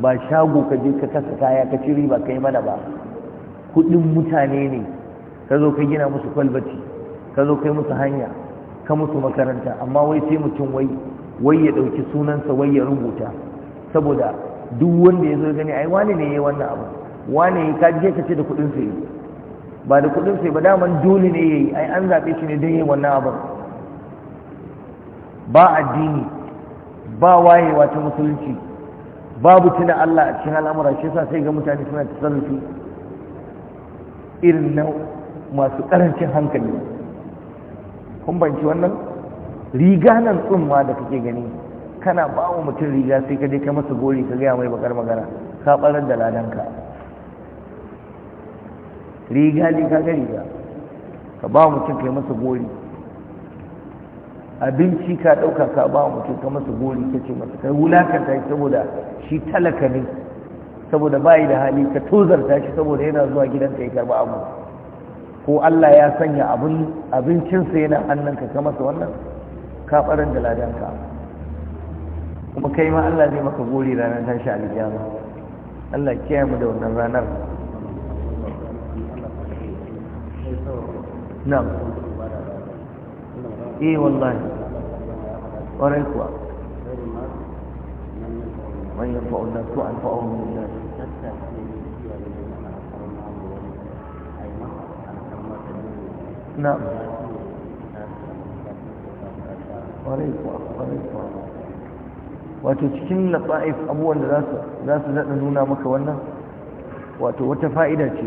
ba shago ka je ka kasa kaya ka ba ka kai mana ba kudin mutane ne ka zo ka gina musu kwalbati ka zo kai musu hanya ka musu makaranta amma wai sai mutum wai wai ya ɗauki sunansa wai ya rubuta saboda duk wanda ya zo gani ai wane ne ya yi wannan abu wane ka je ka ce da kuɗin su yi ba da kudin sai ba daman dole ne yayi ai an zabe shi ne don yin wannan abin ba addini ba wayewa ta musulunci babu tuna Allah a cikin al'amura shi yasa sai ga mutane suna tasarrufi irin na masu karancin hankali kun banci wannan riga nan tsumma da kake gani kana ba wa mutum riga sai ka je ka masa gori ka gaya mai bakar magana ka barar da ladanka riga riga ga riga ka ba mutum kai masa gori abinci ka ɗauka ka ba mutum ka masa gori ka ce masa kai wulakanta shi saboda shi talaka ne saboda bayi da hali ka tozarta shi saboda yana zuwa gidanka ya karba abu ko Allah ya sanya abincinsa yana hannunka ka masa wannan ka barin da ladanka kuma kai ma Allah zai maka gori ranar tashi aljama Allah kiyaye mu da wannan ranar na'am eh wallahi ƙwarai kuwa wato cikin latsa'if abubuwan da za su zaɗa nuna maka wannan wato wata fa'ida ce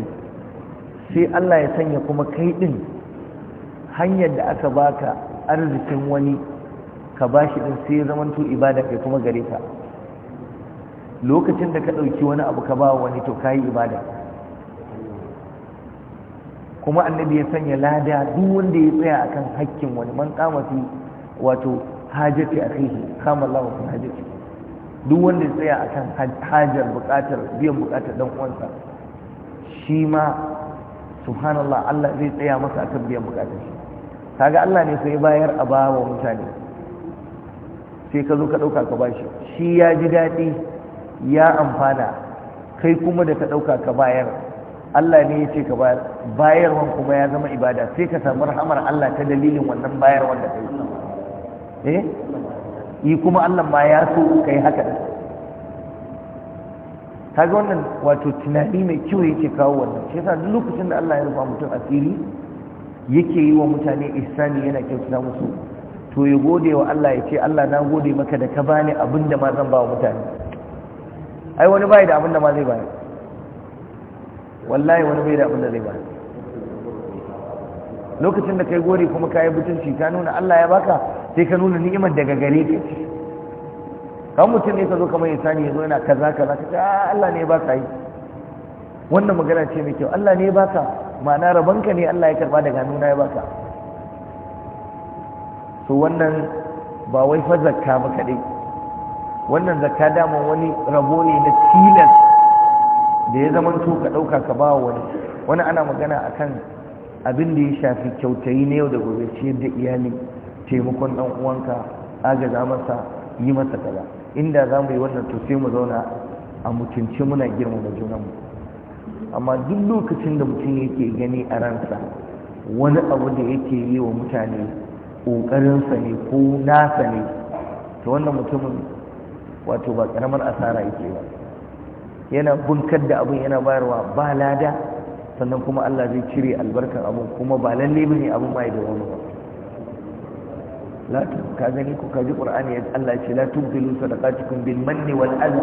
sai Allah ya sanya kuma kai din hanyar da aka baka arzikin wani ka bashi din sai zamanto ibada kai kuma gare ka lokacin da ka dauki wani abu ka ba wani to kai ibada kuma annabi ya sanya lada duk wanda ya tsaya akan hakkin wani man kama wato hajati akhihi kama Allah fi hajati duk wanda ya tsaya akan hajar bukatar biyan bukatar dan uwansa shi ma subhanallah Allah zai tsaya masa akan biyan bukatar shi kaga Allah ne sai bayar a bawa mutane sai ka zo ka dauka ka bashi shi ya ji dadi ya amfana kai kuma da ka dauka ka bayar Allah ne ya ce ka bayar bayarwan kuma ya zama ibada sai ka samu rahamar Allah ta dalilin wannan bayarwan da kai eh yi kuma Allah ma ya so kai haka kaga wannan wato tunani mai kyau yake kawo wannan shi yasa duk lokacin da Allah ya rufa mutum asiri yake yi wa mutane ihsani yana kyautata musu to ya gode wa Allah ya ce Allah na gode maka da ka bani abin da ma zan ba wa mutane ai wani bai da abin da ma zai bayar wallahi wani bai da abin da zai bayar lokacin da kai gode kuma ka yi butunci ka nuna Allah ya baka sai ka nuna ni'imar daga gare ka kan mutum ne ka zo kamar sani ya zo yana kaza kaza ka ce ah, Allah ne baka yi wannan magana ce mai kyau Allah ne baka ma'ana rabanka ne Allah ya karba daga nuna ya baka to wannan ba wai fa zakka ba kaɗai wannan zakka dama wani rabo ne na tilas da ya zama to ka ɗauka ka ba wani wani ana magana akan abin da ya shafi kyautayi na yau da gobe ciyar da iyali taimakon dan uwanka agaza masa yi masa kaza inda za mu yi wannan to sai mu zauna a mutunci muna girma da junanmu amma duk lokacin da mutum yake gani a ransa wani abu da yake yi wa mutane ƙoƙarinsa ne ko nasa ne to wannan mutumin wato ba ƙaramar asara yake ba yana bunkar da abin yana bayarwa ba lada sannan kuma Allah zai cire albarkar abin kuma ba lalle bane abin bai da wani ba la ka gani ko ka ji qur'ani ya Allah ce la tubdilu sadaqatikum bil manni wal adha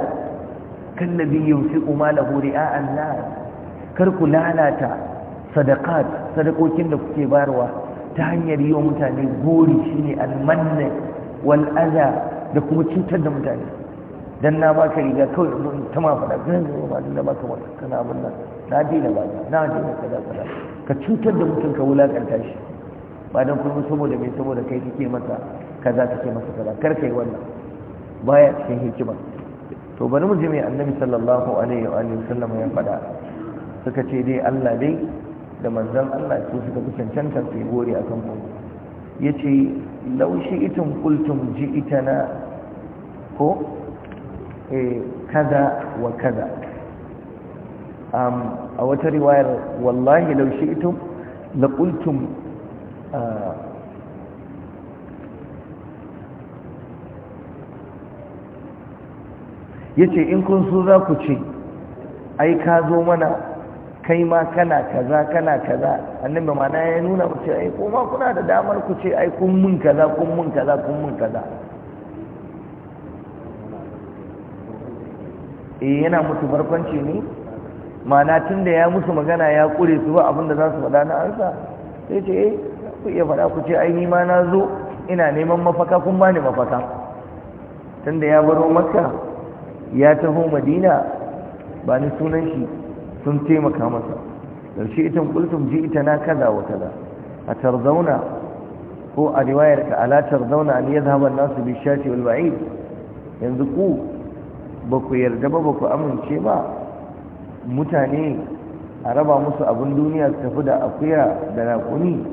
kan nabi yunfiqu malahu ri'a an-nas kar ku lalata sadaqat sadakokin da kuke barwa ta hanyar yi wa mutane gori shine al-manni wal adha da kuma cutar da mutane dan na baka riga kawai mun tama fada zan ba dan na baka wata kana abin nan na dina ba na dina kaza kaza ka cutar da mutum ka wulakanta shi ba dan kuma saboda mai saboda kai kake masa kaza kake masa kaza kar kai wannan baya cikin hikima to bari mu ji mai annabi sallallahu alaihi wa alihi sallam ya faɗa suka ce dai Allah dai da manzon Allah su suka fi cancanta su yi gori akan mu yace law shi'tum qultum ji'tana ko eh kaza wa kaza um a wata riwayar wallahi law itum, la qultum Eh. ya ce in kun so za ku ce ai ka zo mana kai ma kana kaza kana kaza annabi mana ya nuna ku ce ai kuma kuna da damar ku ce ai kun mun kaza kun mun kaza kun mun kaza eh yana musu barkwanci ne mana tun da ya musu magana ya kure su ba abinda za su faɗa na ansa sai ce eh ku iya faɗa ku ce ai ma na zo ina neman mafaka kun bani mafaka tunda ya baro makka ya taho madina ba ni sunan shi sun taimaka masa shi ita kultum ji ita na kaza wa kaza a tarzauna ko a riwayar ka ala tarzauna an yadhhaba an-nasu bi shati wal yanzu ku ba ku yarda ba ba ku amince ba mutane a raba musu abin duniya su tafi da akuya da rakuni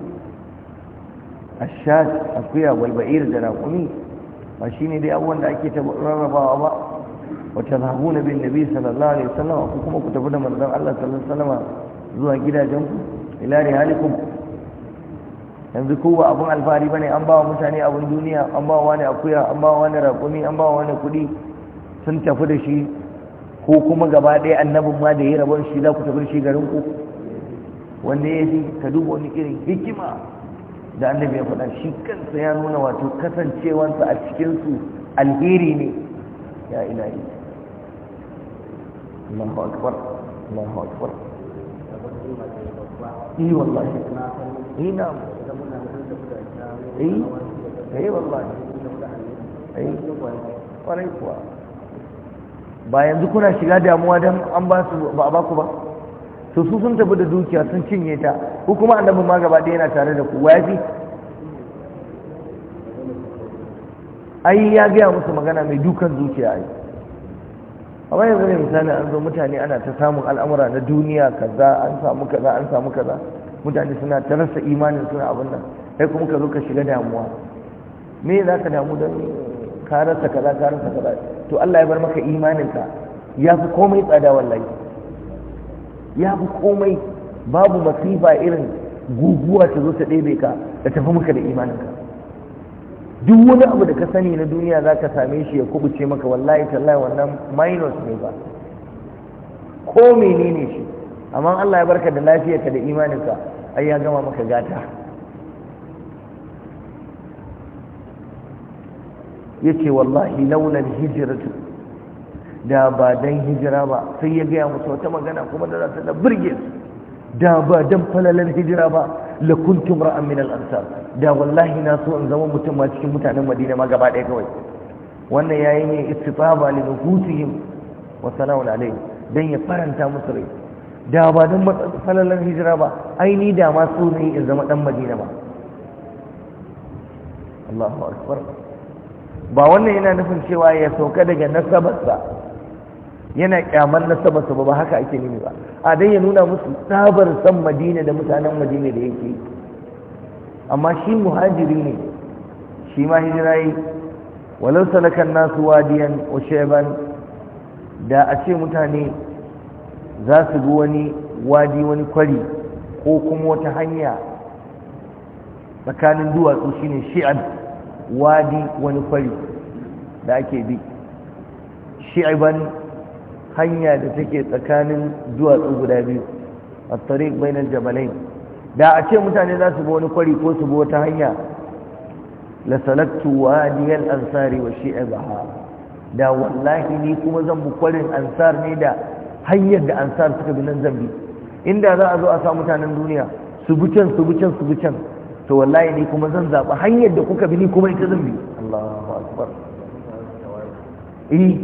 ashat akuya wal ba'ir da raqumi ba shine dai abubuwan da ake ta rarrabawa ba wa tazahuna bin nabi sallallahu alaihi wasallam ku kuma ku tafi da manzon Allah sallallahu alaihi wasallam zuwa gidajen ku ila rihalikum yanzu ko ba abun alfahari bane an ba mutane abun duniya an ba wani akuya an ba wani raqumi an ba wani kudi sun tafi da shi ko kuma gaba ɗaya annabin ma da ya rabon shi za ku tafi da shi garin ku wanne ya fi ka duba wani irin hikima da annabi ya faɗa shi kansa ya nuna wato kasancewansa a cikinsu alheri ne ya ilahi Allahu akbar Allahu akbar eh wallahi eh na eh eh wallahi eh kwarai kuwa ba yanzu kuna shiga damuwa don an ba su ba a ba ba to su sun tafi da dukiya sun cinye ta ko kuma annabin ma gaba ɗaya yana tare da ku wafi ai ya gaya musu magana mai dukan zuciya ai amma yanzu ne misali an zo mutane ana ta samun al'amura na duniya kaza an samu kaza an samu kaza mutane suna ta rasa imanin suna abin nan kai kuma ka zo ka shiga damuwa me za ka damu don ka rasa kaza ka rasa kaza to Allah ya bar maka imaninka ya fi komai tsada wallahi ya fi komai babu masifa irin guguwa ta zo ta ɗebe ka da tafi maka da imaninka duk wani abu da ka sani na duniya za ka same shi ya kubuce maka wallahi tallahi wannan minus ne ba ko menene shi amma Allah ya barka da lafiyarka da imaninka ai ya gama maka gata yace wallahi launar hijiratu da ba dan hijira ba sai ya gaya musu wata magana kuma da za ta da birge su da ba dan falalar hijira ba la kuntum ra'an min al-ansar da wallahi na so in zama mutum ma cikin mutanen Madina ma gaba ɗaya kawai wannan yayi ne istifaba li nufusihim wa sana'un alayhi dan ya faranta musu rai da ba dan falalar hijira ba ai ni da ma so ne in zama dan Madina ba Allahu akbar ba wannan yana nufin cewa ya sauka daga nasabarsa yana kyamar na sama sama ba haka ake nemi ba a dai ya nuna musu sabar san madina da mutanen madina da yake amma shi muhajiri ne shi ma hijira yi walau salakan nasu wadiyan usheban da a ce mutane za su bi wani wadi wani kwari ko kuma wata hanya tsakanin duwatsu shine shi'ar wadi wani kwari da ake bi shi'iban hanya da take tsakanin duwatsu guda biyu a tariq bainar Jamalai da a ce mutane za su bi wani kwari ko su bi wata hanya la salaktu wadiyal ansari wa shi'abaha da wallahi ni kuma zan bi kwarin ansar ne da hanyar da ansar suka bi nan zan bi inda za a zo a sa mutanen duniya su bi can su bi can su bi can to wallahi ni kuma zan zaɓi hanyar da kuka bi ni kuma ita zan bi Allahu akbar eh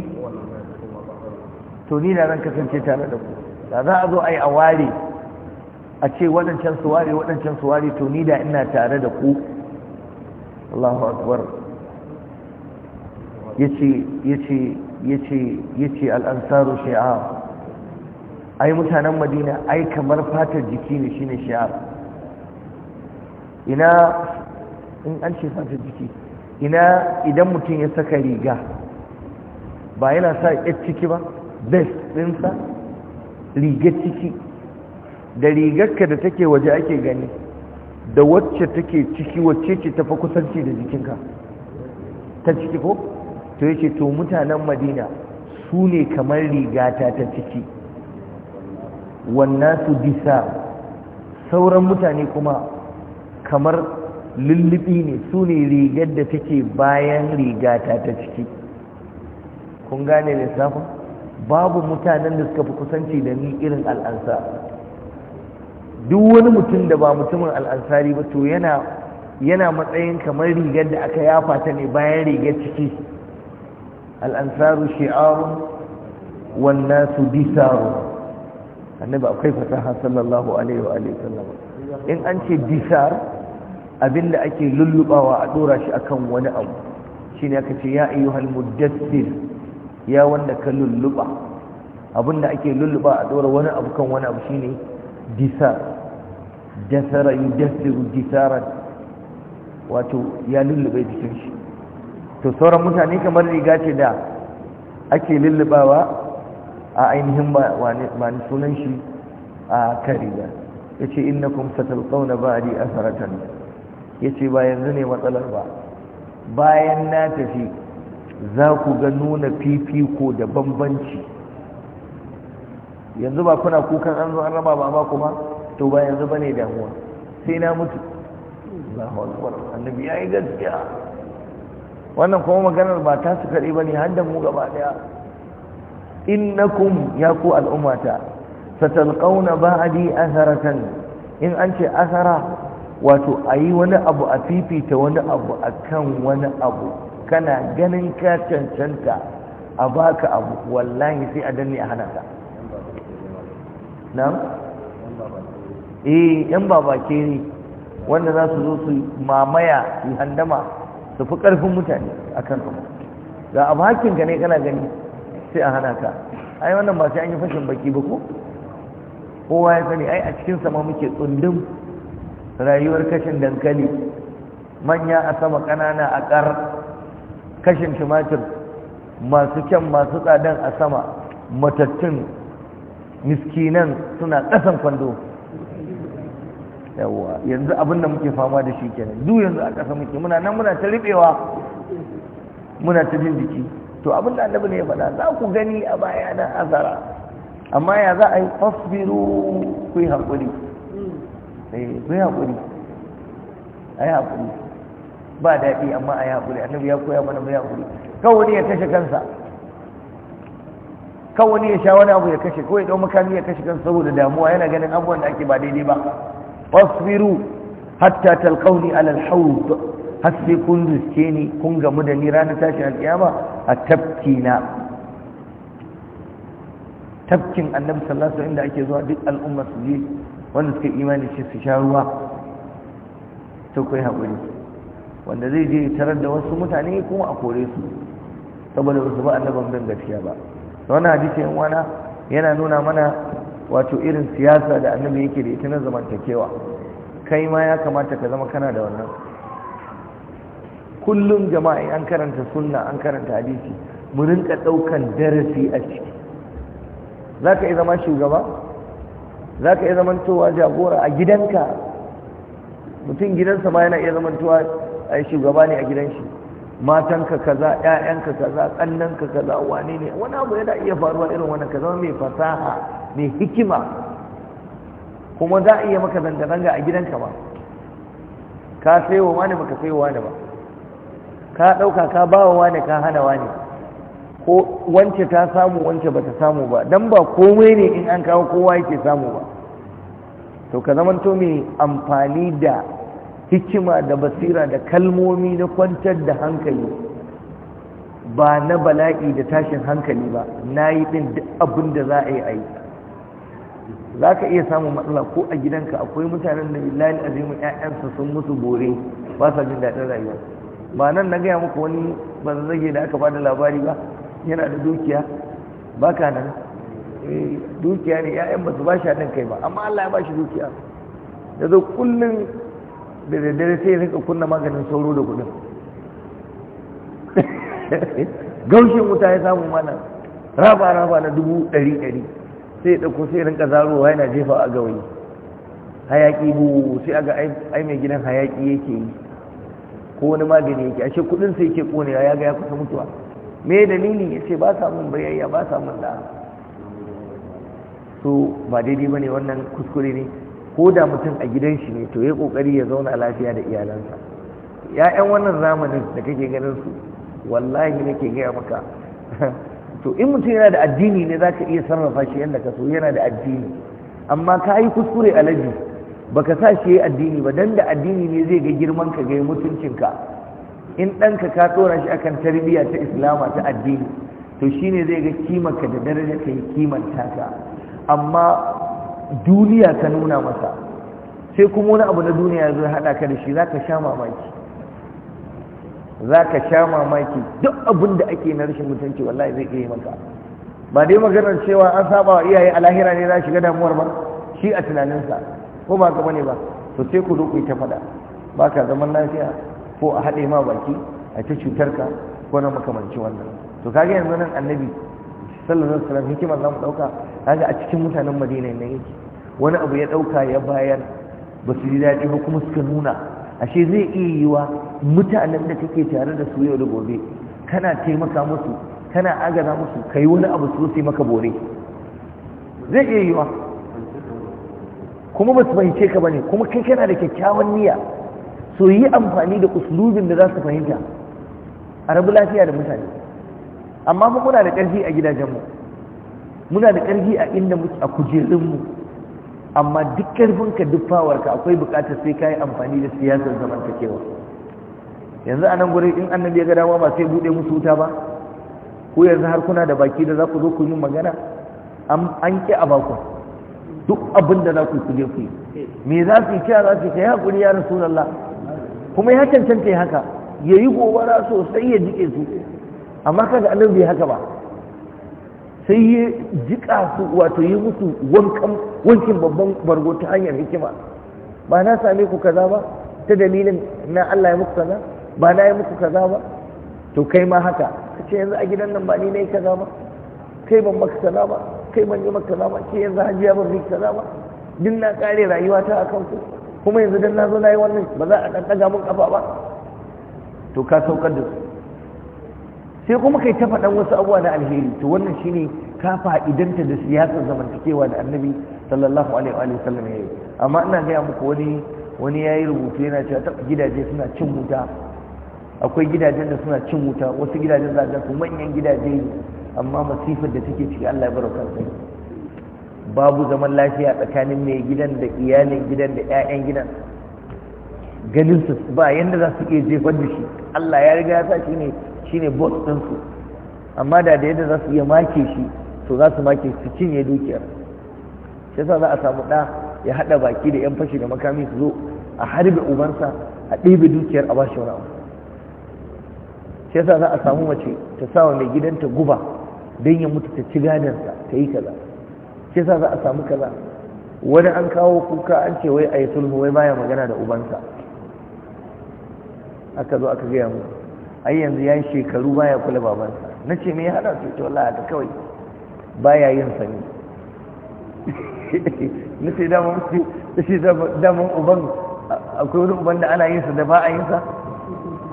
to ni da zan kasance tare da ku da za a zo a yi a ware a ce waɗancan su ware waɗancan su ware to ni da ina tare da ku Allahu akbar yace yace yace yace al-ansaru shi'a ai mutanen Madina ai kamar fatar jiki ne shine shi'a ina in an ce fatar jiki ina idan mutum ya saka riga ba yana sa yar ciki ba best ɗinsa rigar ciki da rigarka da take waje ake gani da wacce take ciki wacce ce tafi kusanci da jikinka ta ciki ko to yake to mutanen madina su ne kamar rigata ta ciki wannan su bisa sauran mutane kuma kamar lullubi ne su ne rigar da take bayan rigata ta ciki kun gane lissafin babu mutanen da suka fi kusanci da ni irin al'ansa duk wani mutum da ba mutumin al'ansari ba to yana yana matsayin kamar rigar da aka yafa ta ne bayan rigar ciki al'ansaru shi'arun wannan su disaru annabi akwai fasaha sallallahu alaihi wa sallam in an ce disar abinda ake lullubawa a dora shi akan wani abu shine aka ce ya ayyuhal muddassir ya wanda ka lulluba abinda ake lulluba a dora wani abu kan wani abu shine disar dasara yudasiru disaran wato ya lullube jikin shi to sauran mutane kamar riga ce da ake lullubawa a ainihin ba ni sunan shi a kariya ya ce innakum satalqawna ba'di asaratan ya ce ba yanzu ne matsalar ba bayan na tafi za ku ga nuna fifiko da bambanci yanzu ba kuna kukan an zo an raba ba ba kuma to ba yanzu ba ne damuwa sai na mutu Allahu akbar annabi yi gaskiya wannan kuma maganar ba ta su kare ba har da mu gaba na innakum ya ku al'ummata satalqauna ba'di atharatan in an ce asara, wato ayi wani abu a fifita wani abu akan wani abu kana ganin ka cancanta a baka abu wallahi sai a danne a hana ka nan? eh yan babake ne wanda za su zo su mamaya su handama su fi ƙarfin mutane a kan abu ga abu hakinka ne kana gani sai a hana ka ai wannan ba sai an yi fashin baki ba ko kowa ya sani ai a cikin sama muke tsundum rayuwar kashin dankali manya a sama ƙanana a ƙar kashin tumatir masu kyan masu tsadan a sama matattun miskinan suna ƙasan kwando yawwa yanzu abin da muke fama da shi kenan zu yanzu a ƙasa muke muna nan muna ta riɓewa muna ta jin jiki to abin da annabi ne ya faɗa za ku gani a baya na azara amma ya za a yi fasbiru ku yi haƙuri eh, ku yi haƙuri a yi haƙuri ba daɗi amma a yaƙuri annabi ya koya mana mu yaƙuri kawai ya kashe kansa kawai ya sha wani abu ya kashe ko ya ɗau makami ya kashe kansa saboda damuwa yana ganin abubuwan da ake ba daidai ba wasfiru hatta talqauni ala alhawd har sai kun riske ni kun gamu da ni ranar tashin alƙiyama a tafki na tafkin annabi sallallahu alaihi wasallam da ake zuwa duk al'umma su je wanda suka imani shi su sha ruwa to kai haƙuri wanda zai je tarar da wasu mutane kuma a kore su saboda ba su ba annaban ban gaskiya ba wannan hadisi yan wana yana nuna mana wato irin siyasa da annabi yake da ita na zamantakewa kai ma ya kamata ka zama kana da wannan kullum jama'a an karanta sunna an karanta hadisi mu rinka daukan darasi a ciki zaka iya zama shugaba zaka iya zamantowa jagora a gidanka mutum gidansa ma yana iya zamantowa ai shugaba ne a gidan shi matanka kaza ƴaƴanka kaza ƙannanka kaza wane ne wani abu yana iya faruwa irin wannan ka zama mai fasaha mai hikima kuma za a iya maka zanga-zanga a gidanka ba ka saiwa wani baka saiwa wani ba ka ɗauka ka ba wa wani ka hana wani ko wance ta samu wance bata samu ba dan ba komai ne in an kawo kowa yake samu ba to ka to mai amfani da hikima da basira da kalmomi na kwantar da hankali ba na bala'i da tashin hankali ba na yi ɗin abin da za a yi a yi za ka iya samun matsala ko a gidanka akwai mutanen da billahi azimin 'ya'yansa sun musu bore ba sa jin daɗin rayuwa ba nan na gaya muku wani banzage da aka bada labari ba yana da dukiya ba ka nan eh, dukiya ne 'ya'yan ba su ba shi haɗin kai ba amma Allah ya ba shi dukiya da zo kullum da daddare sai ya rika kunna maganin sauro da kudin gaushin wuta ya samu mana raba raba na dubu ɗari ɗari sai ya ɗauko sai rinka zarowa yana jefa a gawayi hayaki bu sai aga ai mai gidan hayaki yake yi ko wani magani yake ashe kuɗin sai yake konewa ya ga ya kusa mutuwa me dalili ya ce ba samun bayayya ba samun da so ba daidai ba ne wannan kuskure ne ko da mutum a gidan shi ne to ya kokari ya zauna lafiya da iyalansa ya'yan wannan zamanin da kake ganin su wallahi nake gaya maka *laughs* to in mutum yana da addini ne zaka iya sarrafa shi yadda ka so yana da addini amma ka yi kuskure alaji baka sa shi yayi addini ba dan da addini ne zai ga girman ka ga mutuncin ka in ɗanka ka tsora shi akan tarbiyya ta islama ta addini to shine zai ga kimanka da darajar ka yi kimanta ka amma duniya ta nuna masa sai kuma wani abu na duniya ya zo ya haɗa ka da shi za ka sha mamaki za ka sha mamaki duk abin da ake na rashin mutunci wallahi zai iya yi maka ba dai maganar cewa an saba wa iyaye a lahira ne za shiga damuwar ba shi a tunaninsa ko ba ka bane ba to sai ku zo ta faɗa ba ka zaman lafiya ko a haɗe ma baki a ta cutar ka ko na makamanci wannan to kage yanzu nan annabi sallallahu alaihi wasallam hikimar zamu dauka kaga a cikin mutanen Madina ne yake wani abu ya dauka ya bayar ba su ji daɗi ba kuma suka nuna ashe zai iya yiwa mutanen da kake tare da su yau da gobe kana taimaka musu kana agaza musu kai wani abu su sai maka bore zai iya yiwa kuma ba su fahimce ka bane kuma kai kana da kyakkyawan niyya so yi amfani da uslubin da za su fahimta a rabu lafiya da mutane amma mu muna da ƙarfi a gidajenmu muna da ƙarfi a inda mu a kujerunmu amma duk ƙarfinka duk fawarka akwai buƙatar sai ka yi amfani da siyasar zamantakewa yanzu a nan gurin in annabi ya ga dama ba sai buɗe musu wuta ba ko yanzu har kuna da baki da za ku zo ku yi magana an ƙi a baku duk abin da za ku kuje ku yi me za su yi za su yi kai haƙuri ya rasu kuma ya cancanta haka ya yi gobara sosai ya jike su amma kaga annabi bai haka ba sai ya jika su wato yi musu wankan wankin babban bargo ta hanyar hikima ba na same ku kaza ba ta dalilin na Allah ya muku kaza ba na yi muku kaza ba to kai ma haka kace yanzu a gidan nan ba ni ne kaza ba kai ban maka kaza ba kai ban yi maka kaza ba ke yanzu hajiya ban yi kaza ba din na kare rayuwa ta akan ku kuma yanzu dan na zo na yi wannan ba za a dan daga mun kafa ba to ka saukar da su sai kuma kai ta faɗan wasu abuwa na alheri to wannan shine ka fa'idanta da siyasar zamantakewa da annabi sallallahu alaihi wa sallam ya amma ina gaya muku wani wani yayi rubutu yana cewa ta gidaje suna cin wuta akwai gidajen da suna cin wuta wasu gidajen za ga su manyan gidaje amma masifar da take ciki Allah ya baraka sai babu zaman lafiya tsakanin mai gidan da iyalin gidan da ƴaƴan gidan ganin su ba yanda za su iya jefar da shi Allah ya riga ya sa shi ne shine boss ɗinsu amma da da yadda za su iya make shi to za su make su cinye dukiyar shi yasa za a samu ɗa ya haɗa baki da 'yan fashi da makami su zo a harbe ubansa a ɗebe dukiyar a bashi wani abu shi yasa za a samu mace ta sa wa mai gidanta guba don ya mutu ta ci gadansa ta yi kaza shi yasa za a samu kaza wani an kawo kuka an ce wai a yi sulhu wai baya magana da ubansa aka zo aka gaya mu ai yanzu ya yi shekaru baya kula babansa na ce me ya hada su to Allah haka kawai baya yin sani *laughs* na ce daman uban akwai wani uban da ana yin sa da ba a yin sa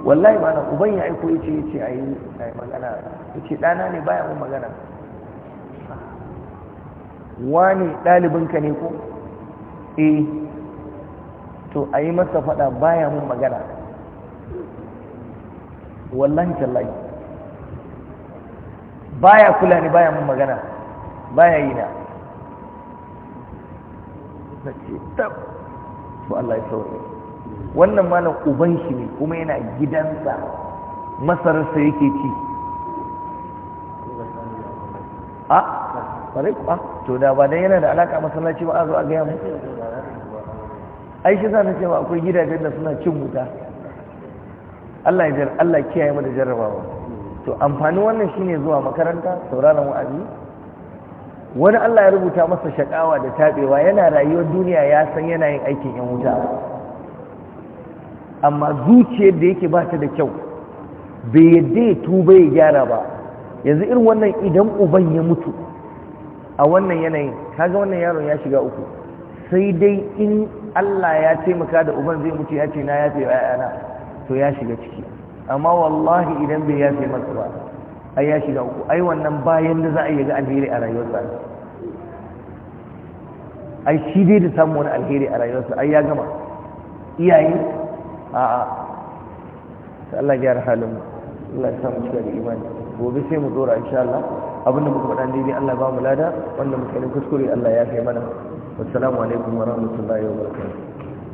wallahi ba na uban ya aiko ya ce ya ce a yi magana ya ce ɗana ne baya mun magana wani ɗalibinka ne ko eh to a yi masa faɗa baya mun magana wallahi tallahi baya kula ni baya mun magana baya yi na sace tab to Allah ya sauke wannan malam uban shi ne kuma yana gidansa masararsa yake ci a bare ku a to da ba dan yana da alaka masallaci ba a zo a ga mu ai shi zan ce ba akwai gidajen da suna cin wuta Allah ya Allah kiyaye mu da jarrabawa to amfani wannan shine zuwa makaranta sauraron wa'azi wani Allah ya rubuta masa shakawa da tabewa yana rayuwar duniya ya san yana yin aikin yan wuta amma zuciyar da yake ba ta da kyau bai yadda ya tuba ya gyara ba yanzu irin wannan idan uban ya mutu a wannan yanayin kaga wannan yaron ya shiga uku sai dai in Allah ya taimaka da uban zai mutu ya ce na ya ce ya'yana to ya shiga ciki amma wallahi idan bai ya sai masa ba ai ya shiga uku ai wannan bayan da za a yi ga alheri a rayuwarsa ai shi dai da samu wani alheri a rayuwarsa ai ya gama iyaye a'a ta Allah ya rahalu mu Allah ya samu cika da imani gobe sai mu dora insha Allah abinda muka faɗa ne Allah ba mu lada wanda muka yi kuskure Allah ya kai mana assalamu alaikum wa rahmatullahi wa barakatuh